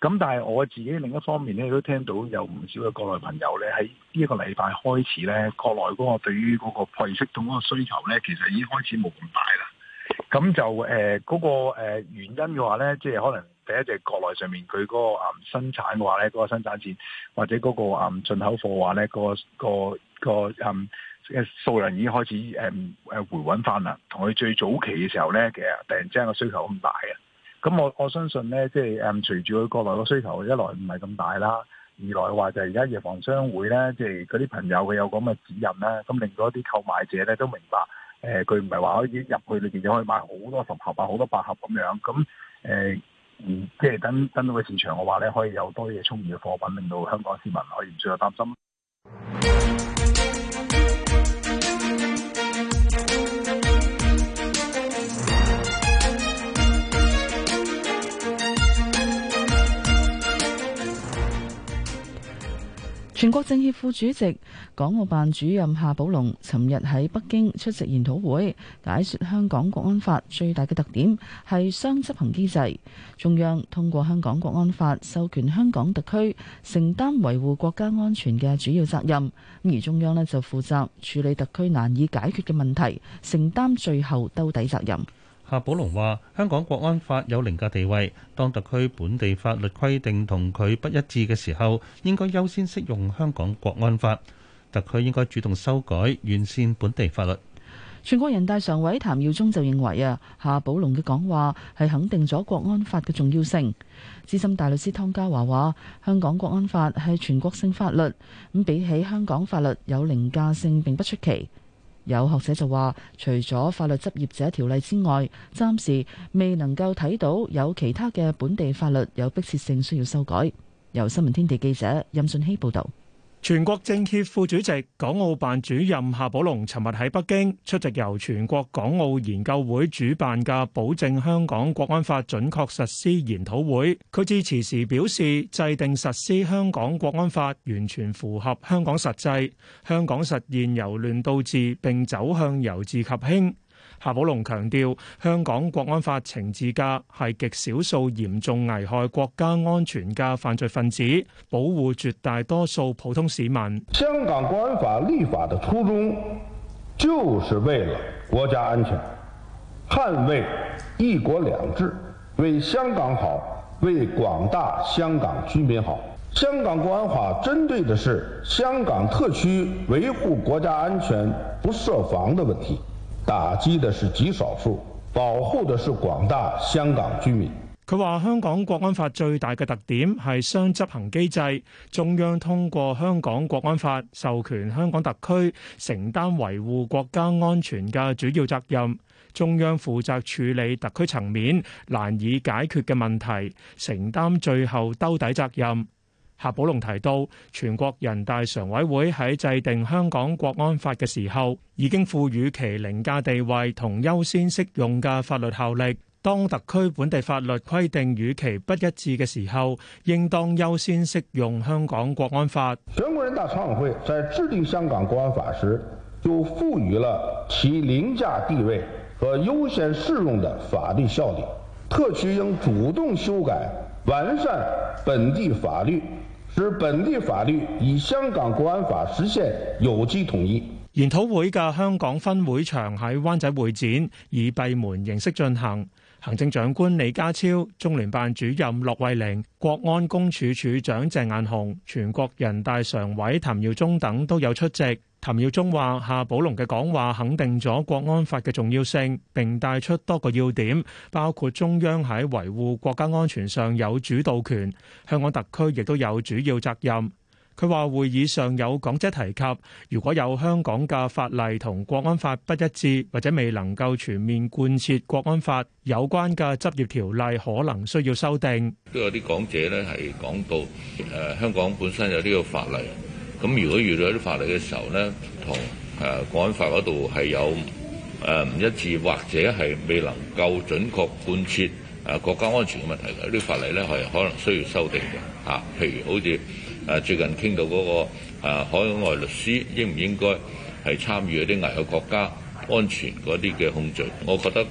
咁但係我自己另一方面咧，都聽到有唔少嘅國內朋友咧，喺呢一個禮拜開始咧，國內嗰個對於嗰個配息通嗰個需求咧，其實已經開始冇咁大啦。咁就誒嗰、呃那個、呃、原因嘅話咧，即係可能第一隻國內上面佢嗰、那個、嗯、生產嘅話咧，嗰、那個生產線或者嗰個誒進口貨話咧、那個，個個個誒數量已經開始誒誒、嗯、回穩翻啦。同佢最早期嘅時候咧，其實突然之間個需求咁大嘅。咁我我相信咧，即係誒隨住佢國內個需求一來唔係咁大啦，二來嘅話就係而家藥房商會咧，即係嗰啲朋友佢有咁嘅指引啦，咁令到一啲購買者咧都明白。誒，佢唔係話可以入去裏邊就可以買好多十盒啊，好多百盒咁樣。咁誒，嗯，即係等等到個市場嘅話咧，可以有多啲嘢充裕嘅貨品，令到香港市民可以唔需要擔心。 [music] 全國政協副主席、港澳辦主任夏寶龍尋日喺北京出席研討會，解說香港國安法最大嘅特點係雙執行機制。中央通過香港國安法授權香港特區承擔維護國家安全嘅主要責任，而中央呢就負責處理特區難以解決嘅問題，承擔最後兜底責任。夏寶龍話：香港國安法有凌駕地位，當特區本地法律規定同佢不一致嘅時候，應該優先適用香港國安法。特區應該主動修改完善本地法律。全國人大常委譚耀宗就認為啊，夏寶龍嘅講話係肯定咗國安法嘅重要性。資深大律師湯家驊話：香港國安法係全國性法律，咁比起香港法律有凌駕性並不出奇。有學者就話，除咗法律執業者條例之外，暫時未能夠睇到有其他嘅本地法律有迫切性需要修改。由新聞天地記者任信希報導。全國政協副主席、港澳辦主任夏寶龍尋日喺北京出席由全國港澳研究會主辦嘅保證香港國安法準確實施研討會。佢致辭時表示，制定實施香港國安法完全符合香港實際，香港實現由亂到治，並走向由治及興。夏寶龍強調，香港國安法懲治嘅係極少數嚴重危害國家安全嘅犯罪分子，保護絕大多數普通市民。香港國安法立法的初衷就是為了國家安全，捍衛一國兩制，為香港好，為廣大香港居民好。香港國安法針對的是香港特區維護國家安全不設防的問題。打擊的是極少數，保護的是廣大香港居民。佢話：香港國安法最大嘅特點係雙執行機制，中央通過香港國安法授權香港特區承擔維護國家安全嘅主要責任，中央負責處理特區層面難以解決嘅問題，承擔最後兜底責任。夏寶龍提到，全國人大常委會喺制定香港國安法嘅時候，已經賦予其凌駕地位同優先適用嘅法律效力。當特區本地法律規定與其不一致嘅時候，應當優先適用香港國安法。全國人大常委會在制定香港國安法時，就賦予了其凌駕地位和優先適用的法律效力。特區應主動修改、完善本地法律。使本地法律以香港國安法實現有機統一。研討會嘅香港分會場喺灣仔會展以閉門形式進行，行政長官李家超、中聯辦主任駱惠寧、國安公署署長鄭雁雄、全國人大常委譚耀宗等都有出席。譚耀宗話：夏寶龍嘅講話肯定咗國安法嘅重要性，並帶出多個要點，包括中央喺維護國家安全上有主導權，香港特區亦都有主要責任。佢話會議上有講者提及，如果有香港嘅法例同國安法不一致，或者未能夠全面貫徹國安法有關嘅執業條例，可能需要修訂。都有啲講者呢係講到，誒，香港本身有呢個法例。咁如果遇到一啲法例嘅時候咧，同誒國安法嗰度係有誒唔一致，或者係未能夠準確貫徹誒國家安全嘅問題嘅，呢啲法例咧係可能需要修訂嘅吓，譬如好似誒最近傾到嗰個誒、啊、海外律師應唔應該係參與一啲危害國家安全嗰啲嘅控罪，我覺得誒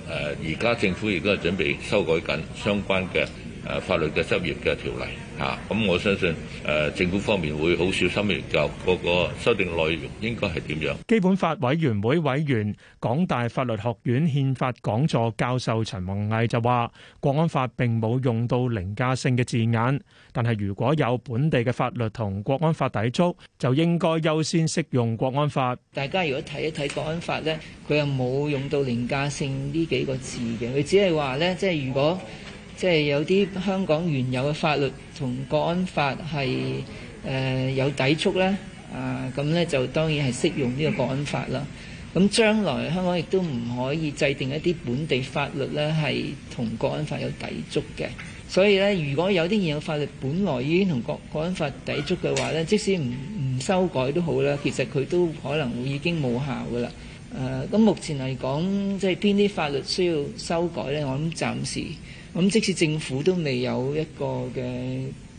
而家政府亦都係準備修改緊相關嘅。誒法律嘅執業嘅條例吓，咁我相信誒政府方面會好小心研究嗰個修訂內容應該係點樣。基本法委員會委員、港大法律學院憲法講座教授陳弘毅就話，國安法並冇用到凌駕性嘅字眼，但係如果有本地嘅法律同國安法抵觸，就應該優先適用國安法。大家如果睇一睇國安法呢，佢又冇用到凌駕性呢幾個字嘅，佢只係話呢，即係如果。即係有啲香港原有嘅法律同國安法係誒、呃、有抵觸咧，啊咁咧就當然係適用呢個國安法啦。咁將來香港亦都唔可以制定一啲本地法律呢，係同國安法有抵觸嘅。所以呢，如果有啲現有法律本來已經同國國安法抵觸嘅話呢，即使唔唔修改都好啦，其實佢都可能會已經冇效噶啦。誒、啊、咁目前嚟講，即係邊啲法律需要修改呢？我諗暫時。咁即使政府都未有一個嘅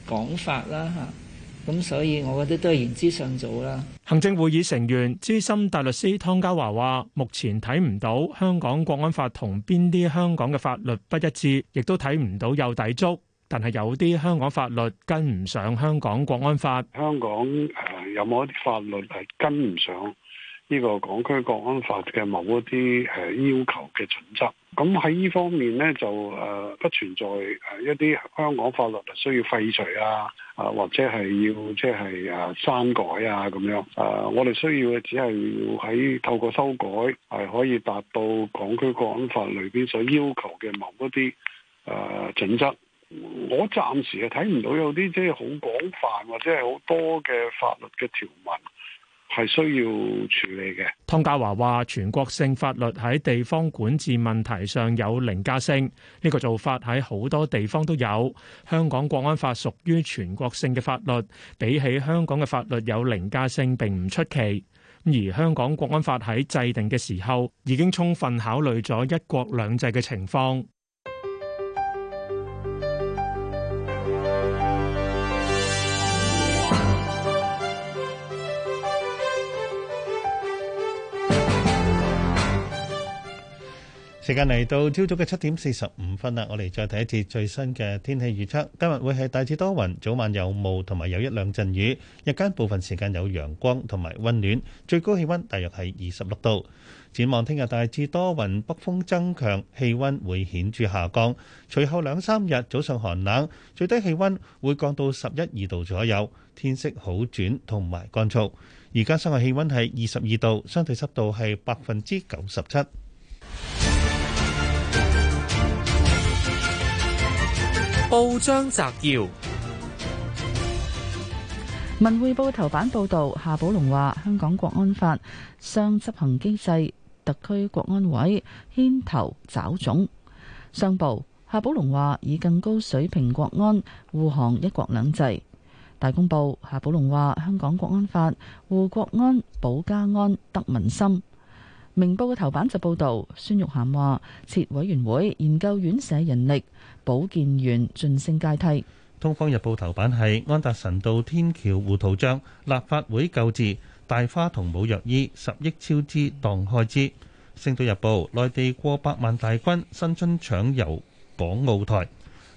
講法啦吓，咁所以我覺得都係言之尚早啦。行政會議成員資深大律師湯家驊話目前睇唔到香港國安法同邊啲香港嘅法律不一致，亦都睇唔到有抵觸，但係有啲香港法律跟唔上香港國安法，香港誒有冇一啲法律係跟唔上？呢個港區國安法嘅某一啲誒要求嘅準則，咁喺呢方面呢，就誒不存在誒一啲香港法律需要廢除啊，啊或者係要即係啊刪改啊咁樣啊，我哋需要嘅只係喺透過修改係可以達到港區國安法裏邊所要求嘅某一啲誒、啊、準則。我暫時係睇唔到有啲即係好廣泛或者係好多嘅法律嘅條文。係需要處理嘅。湯家驊話：全國性法律喺地方管治問題上有凌駕性，呢、這個做法喺好多地方都有。香港國安法屬於全國性嘅法律，比起香港嘅法律有凌駕性，並唔出奇。而香港國安法喺制定嘅時候，已經充分考慮咗一國兩制嘅情況。時間嚟到朝早嘅七點四十五分啦，我哋再睇一次最新嘅天氣預測。今日會係大致多雲，早晚有霧同埋有一兩陣雨，日間部分時間有陽光同埋溫暖，最高氣溫大約係二十六度。展望聽日大致多雲，北風增強，氣溫會顯著下降。隨後兩三日早上寒冷，最低氣溫會降到十一二度左右，天色好轉同埋乾燥。而家室外氣溫係二十二度，相對濕度係百分之九十七。.報章摘要，《文匯報》頭版報道夏寶龍話：香港國安法上執行機制，特區國安委牽頭找總商報。夏寶龍話：以更高水平國安護航一國兩制大公報。夏寶龍話：香港國安法護國安，保家安，得民心。明報嘅頭版就報導，孫玉菡話設委員會研究院社人力保健員晉升階梯。《東方日報》頭版係安達臣道天橋糊塗賬，立法會舊址大花同冇藥醫十億超支當開支。《星島日報》內地過百萬大軍新春搶遊港澳台，《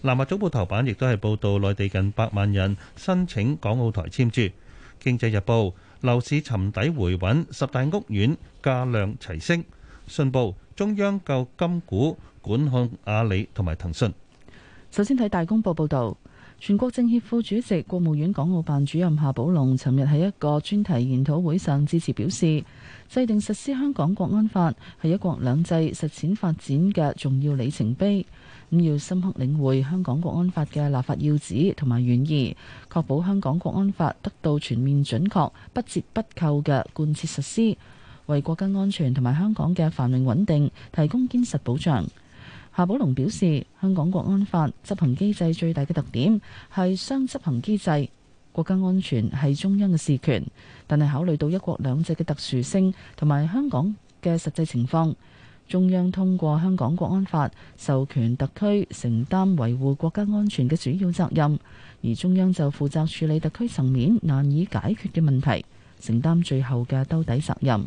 南華早報》頭版亦都係報導內地近百萬人申請港澳台簽注，《經濟日報》。樓市沉底回穩，十大屋苑價量齊升。信報，中央救金股管控阿里同埋騰訊。首先睇大公報報導，全國政協副主席、國務院港澳辦主任夏寶龍尋日喺一個專題研討會上致詞，表示制定實施香港國安法係一國兩制實踐發展嘅重要里程碑。咁要深刻領會香港國安法嘅立法要旨同埋原意，確保香港國安法得到全面準確不折不扣嘅貫徹實施，為國家安全同埋香港嘅繁榮穩定提供堅實保障。夏寶龍表示，香港國安法執行機制最大嘅特點，係雙執行機制，國家安全係中央嘅事權，但係考慮到一國兩制嘅特殊性同埋香港嘅實際情況。中央通過香港國安法，授權特區承擔維護國家安全嘅主要責任，而中央就負責處理特區層面難以解決嘅問題，承擔最後嘅兜底責任。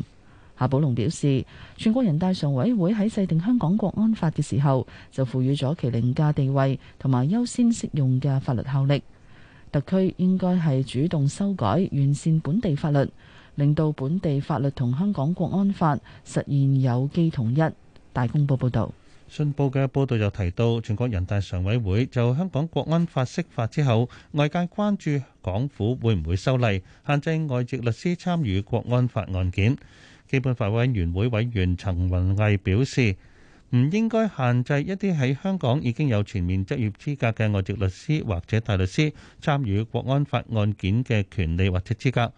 夏寶龍表示，全國人大常委會喺制定香港國安法嘅時候，就賦予咗其凌駕地位同埋優先適用嘅法律效力。特區應該係主動修改完善本地法律。令到本地法律同香港國安法實現有機統一。大公報報導，信報嘅報道又提到，全國人大常委會就香港國安法釋法之後，外界關注港府會唔會修例限制外籍律師參與國安法案件。基本法委員會委員陳雲毅表示，唔應該限制一啲喺香港已經有全面執業資格嘅外籍律師或者大律師參與國安法案件嘅權利或者資格。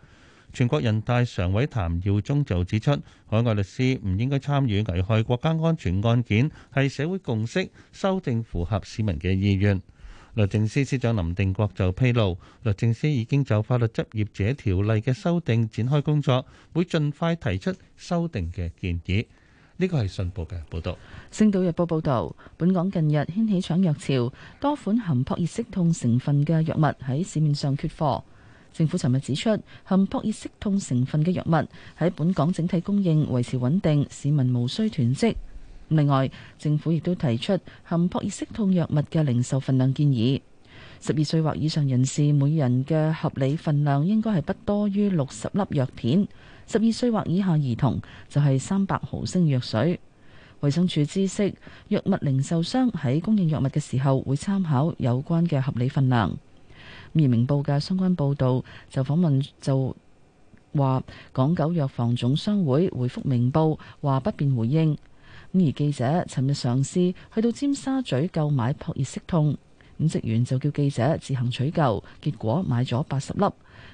全國人大常委譚耀宗就指出，海外律師唔應該參與危害國家安全案件，係社會共識，修訂符合市民嘅意願。律政司司長林定國就披露，律政司已經就法律執業者條例嘅修訂展開工作，會盡快提出修訂嘅建議。呢個係信報嘅報道。星島日報報導，本港近日掀起搶藥潮，多款含撲熱息痛成分嘅藥物喺市面上缺貨。政府尋日指出，含撲熱息痛成分嘅藥物喺本港整體供應維持穩定，市民無需囤積。另外，政府亦都提出含撲熱息痛藥物嘅零售份量建議：十二歲或以上人士每人嘅合理份量應該係不多於六十粒藥片；十二歲或以下兒童就係三百毫升藥水。衛生署知悉，藥物零售商喺供應藥物嘅時候會參考有關嘅合理份量。而《明報》嘅相關報導就訪問就話，港九藥房總商會回覆《明報》話不便回應。咁而記者尋日嘗試去到尖沙咀購買撲熱息痛，咁職員就叫記者自行取救，結果買咗八十粒。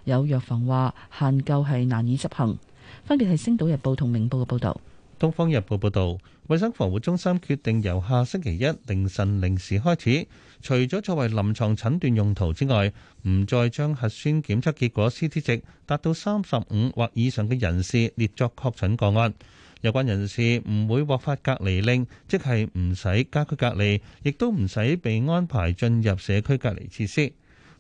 有藥房話限購係難以執行。分別係《星島日報》同《明報》嘅報導。《東方日報》報導，衞生防護中心決定由下星期一凌晨零時開始，除咗作為臨床診斷用途之外，唔再將核酸檢測結果 CT 值達到三十五或以上嘅人士列作確診個案。有關人士唔會獲發隔離令，即係唔使家居隔離，亦都唔使被安排進入社區隔離設施。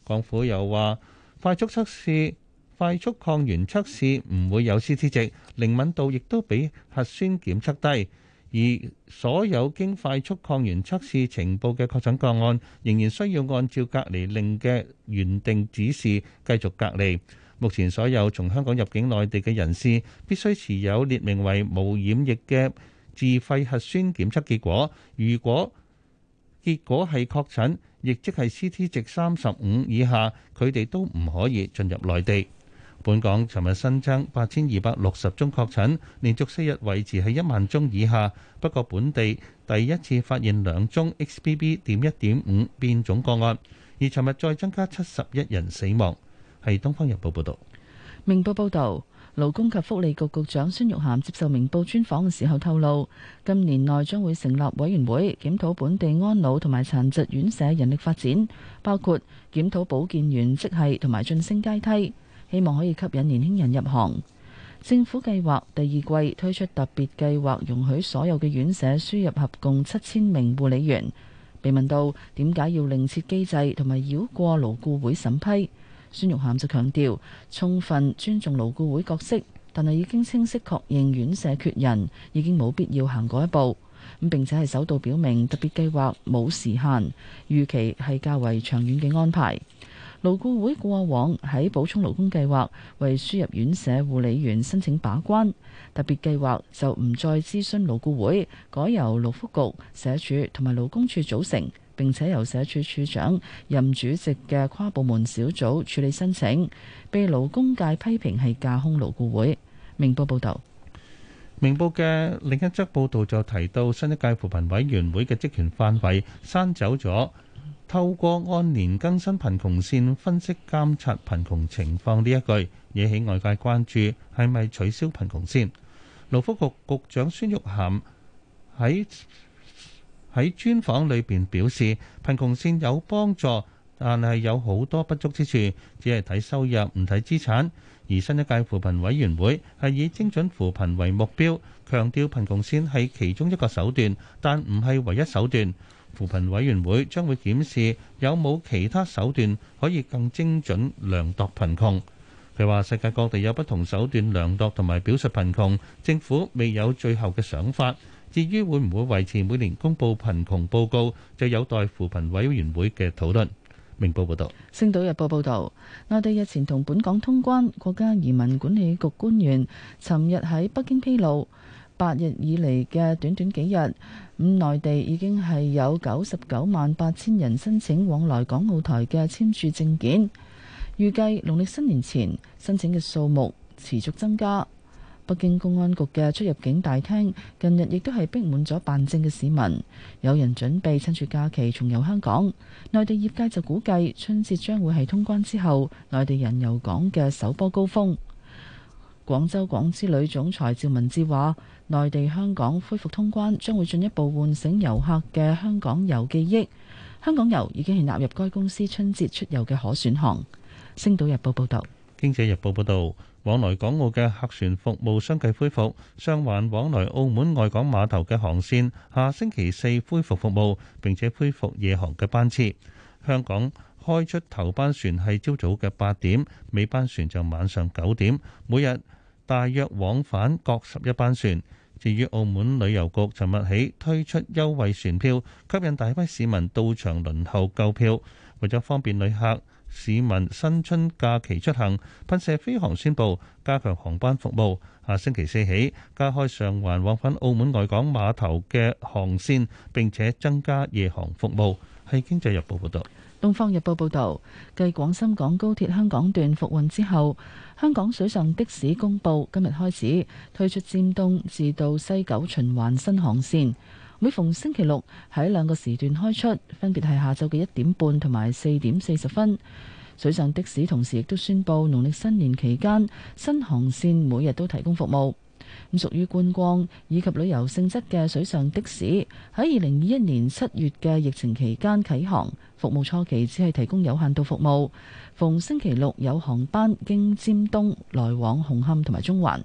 港府又話，快速測試。快速抗原測試唔會有 C T 值，靈敏度亦都比核酸檢測低。而所有經快速抗原測試呈報嘅確診個案，仍然需要按照隔離令嘅原定指示繼續隔離。目前所有從香港入境內地嘅人士必須持有列明為無染疫嘅自費核酸檢測結果。如果結果係確診，亦即係 C T 值三十五以下，佢哋都唔可以進入內地。本港尋日新增八千二百六十宗確診，連續四日維持喺一萬宗以下。不過，本地第一次發現兩宗 XBB 點一點五變種個案，而尋日再增加七十一人死亡。係《東方日報》報道。《明報》報道，勞工及福利局局長孫玉涵接受《明報》專訪嘅時候透露，今年內將會成立委員會檢討本地安老同埋殘疾院舍人力發展，包括檢討保健員職系同埋晉升階梯。希望可以吸引年輕人入行。政府計劃第二季推出特別計劃，容許所有嘅院舍輸入合共七千名護理員。被問到點解要另設機制同埋繞過勞顧會審批，孫玉菡就強調充分尊重勞顧會角色，但係已經清晰確認院舍缺人，已經冇必要行嗰一步。咁並且係首度表明特別計劃冇時限，預期係較為長遠嘅安排。勞僱會過往喺補充勞工計劃為輸入院舍護理員申請把關，特別計劃就唔再諮詢勞僱會，改由勞福局、社署同埋勞工處組成，並且由社署署長任主席嘅跨部門小組處理申請，被勞工界批評係架空勞僱會。明報報道，明報嘅另一則報道就提到，新一屆扶貧委員會嘅職權範圍刪走咗。透過按年更新貧窮線分析監察貧窮情況呢一句，惹起外界關注，係咪取消貧窮線？勞福局局長孫玉菡喺喺專訪裏邊表示，貧窮線有幫助，但係有好多不足之處，只係睇收入唔睇資產。而新一屆扶貧委員會係以精準扶貧為目標，強調貧窮線係其中一個手段，但唔係唯一手段。扶貧委員會將會檢視有冇其他手段可以更精準量度貧窮。佢話世界各地有不同手段量度同埋表述貧窮，政府未有最後嘅想法。至於會唔會維持每年公佈貧窮報告，就有待扶貧委員會嘅討論。明報報道，《星島日報》報道，內地日前同本港通關，國家移民管理局官員尋日喺北京披露，八日以嚟，嘅短短幾日。咁，內地已經係有九十九萬八千人申請往來港澳台嘅簽注證件，預計農曆新年前申請嘅數目持續增加。北京公安局嘅出入境大廳近日亦都係逼滿咗辦證嘅市民，有人準備趁住假期重遊香港。內地業界就估計，春節將會係通關之後，內地人遊港嘅首波高峰。廣州廣之旅總裁趙文志話：內地香港恢復通關，將會進一步喚醒遊客嘅香港遊記憶。香港遊已經係納入該公司春節出遊嘅可選項。星島日報報道，經濟日報報道，往來港澳嘅客船服務相繼恢復，上環往來澳門外港碼頭嘅航線下星期四恢復服務，並且恢復夜航嘅班次。香港開出頭班船係朝早嘅八點，尾班船就晚上九點，每日大約往返各十一班船。至於澳門旅遊局尋日起推出優惠船票，吸引大批市民到場輪候購票。為咗方便旅客市民新春假期出行，噴射飛航宣佈加強航班服務，下星期四起加開上環往返澳門外港碼頭嘅航線，並且增加夜航服務。係《經濟日報》報道。《東方日報》報導，繼廣深港高鐵香港段復運之後，香港水上的士公佈今日開始推出尖東至到西九循環新航線，每逢星期六喺兩個時段開出，分別係下晝嘅一點半同埋四點四十分。水上的士同時亦都宣布，農曆新年期間新航線每日都提供服務。咁屬於觀光以及旅遊性質嘅水上的士，喺二零二一年七月嘅疫情期間啟航，服務初期只係提供有限度服務。逢星期六有航班經尖東來往紅磡同埋中環。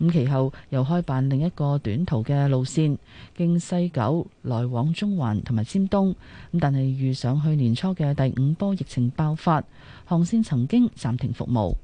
咁其後又開辦另一個短途嘅路線，經西九來往中環同埋尖東。咁但係遇上去年初嘅第五波疫情爆發，航線曾經暫停服務。《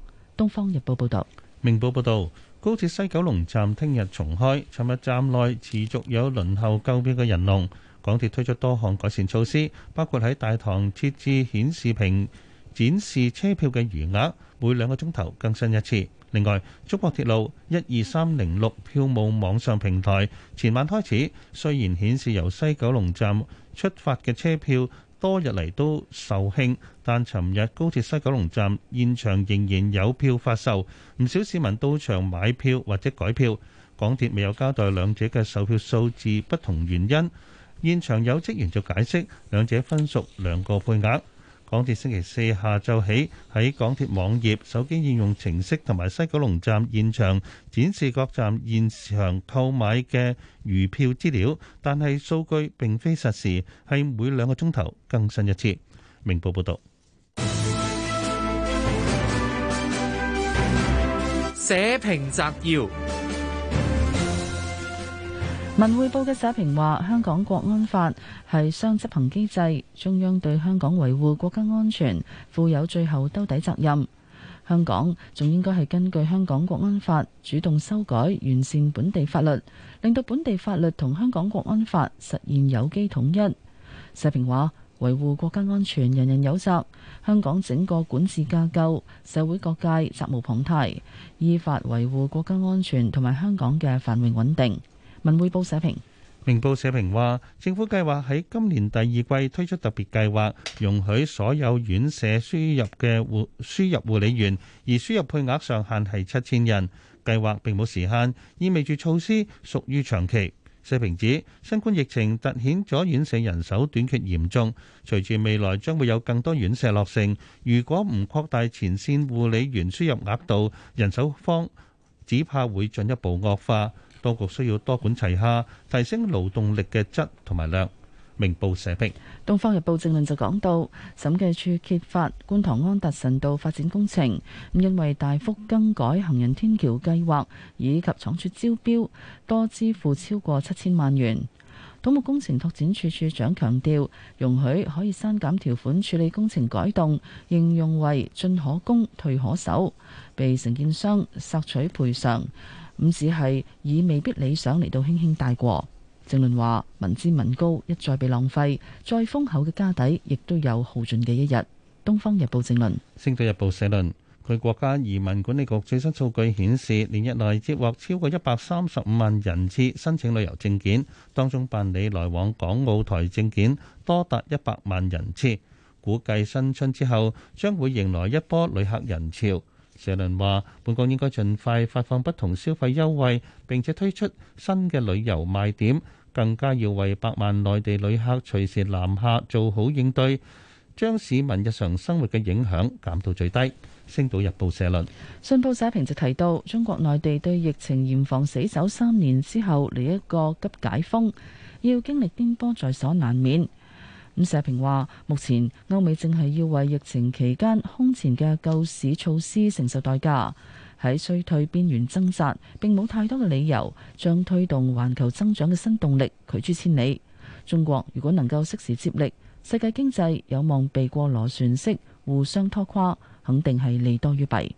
東方日報》報道。《明報》報導。高鐵西九龍站聽日重開，尋日站內持續有輪候購票嘅人龍。港鐵推出多項改善措施，包括喺大堂設置顯示屏展示車票嘅餘額，每兩個鐘頭更新一次。另外，中國鐵路一二三零六票務網上平台前晚開始，雖然顯示由西九龍站出發嘅車票多日嚟都售罄，但尋日高鐵西九龍站現場仍然有票發售，唔少市民到場買票或者改票。港鐵未有交代兩者嘅售票數字不同原因，現場有職員就解釋兩者分屬兩個配額。港鐵星期四下晝起喺港鐵網頁、手機應用程式同埋西九龍站現場展示各站現場購買嘅餘票資料，但係數據並非實時，係每兩個鐘頭更新一次。明報報導。社評摘要。文匯報嘅社評話：香港國安法係雙執行機制，中央對香港維護國家安全負有最後兜底責任。香港仲應該係根據香港國安法主動修改完善本地法律，令到本地法律同香港國安法實現有機統一。社評話：維護國家安全人人有責，香港整個管治架構、社會各界責無旁貸，依法維護國家安全同埋香港嘅繁榮穩定。文匯報社評，明報社評話，政府計劃喺今年第二季推出特別計劃，容許所有院舍輸入嘅護輸入護理員，而輸入配額上限係七千人。計劃並冇時限，意味住措施屬於長期。社評指，新冠疫情凸顯咗院舍人手短缺嚴重，隨住未來將會有更多院舍落成，如果唔擴大前綫護理員輸入額度，人手方只怕會進一步惡化。當局需要多管齊下，提升勞動力嘅質同埋量。明報社評，《東方日報正論》就講到，審計處揭發，觀塘安達臣道發展工程，因為大幅更改行人天橋計劃，以及闖出招標，多支付超過七千萬元。土木工程拓展處處長強調，容許可以刪減條款處理工程改動，形容為進可攻退可守，被承建商索取賠償。五隻係以未必理想嚟到輕輕帶過。政論話：民脂民膏一再被浪費，再豐厚嘅家底，亦都有耗盡嘅一日。《東方日報》政論，《星島日報》社論。據國家移民管理局最新數據顯示，連日內接獲超過一百三十五萬人次申請旅遊證件，當中辦理來往港澳台證件多達一百萬人次。估計新春之後將會迎來一波旅客人潮。社論話，本港應該盡快發放不同消費優惠，並且推出新嘅旅遊賣點，更加要為百萬內地旅客隨時南下做好應對，將市民日常生活嘅影響減到最低。星島日報社論，信報社評就提到，中國內地對疫情嚴防死守三年之後嚟一個急解封，要經歷顛簸在所難免。咁社評話，目前歐美正係要為疫情期間空前嘅救市措施承受代價，喺衰退邊緣掙扎，並冇太多嘅理由將推動環球增長嘅新動力拒之千里。中國如果能夠適時接力，世界經濟有望避過螺旋式互相拖垮，肯定係利多於弊。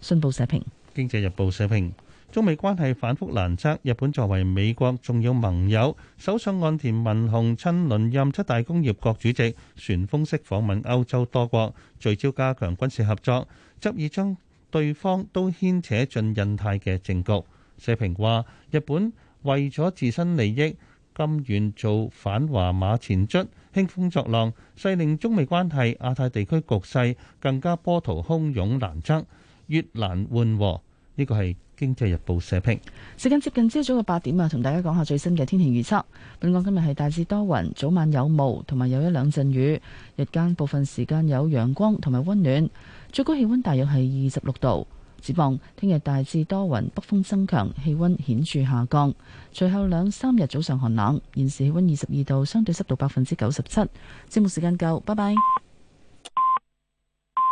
信報社評，經濟日報社評。中美關係反覆難測，日本作為美國重要盟友，首相岸田文雄親輪任七大工業國主席，旋風式訪問歐洲多國，聚焦加強軍事合作，執意將對方都牽扯進印太嘅政局。社評話：日本為咗自身利益，甘願做反華馬前卒，興風作浪，勢令中美關係、亞太地區局勢更加波濤洶湧難測，越難緩和。呢個係。經濟日報社評，時間接近朝早嘅八點啊，同大家講下最新嘅天氣預測。本港今日係大致多雲，早晚有霧，同埋有一兩陣雨。日間部分時間有陽光同埋温暖，最高氣温大約係二十六度。展望聽日大致多雲，北風增強，氣温顯著下降。隨後兩三日早上寒冷。現時氣温二十二度，相對濕度百分之九十七。節目時間夠，拜拜。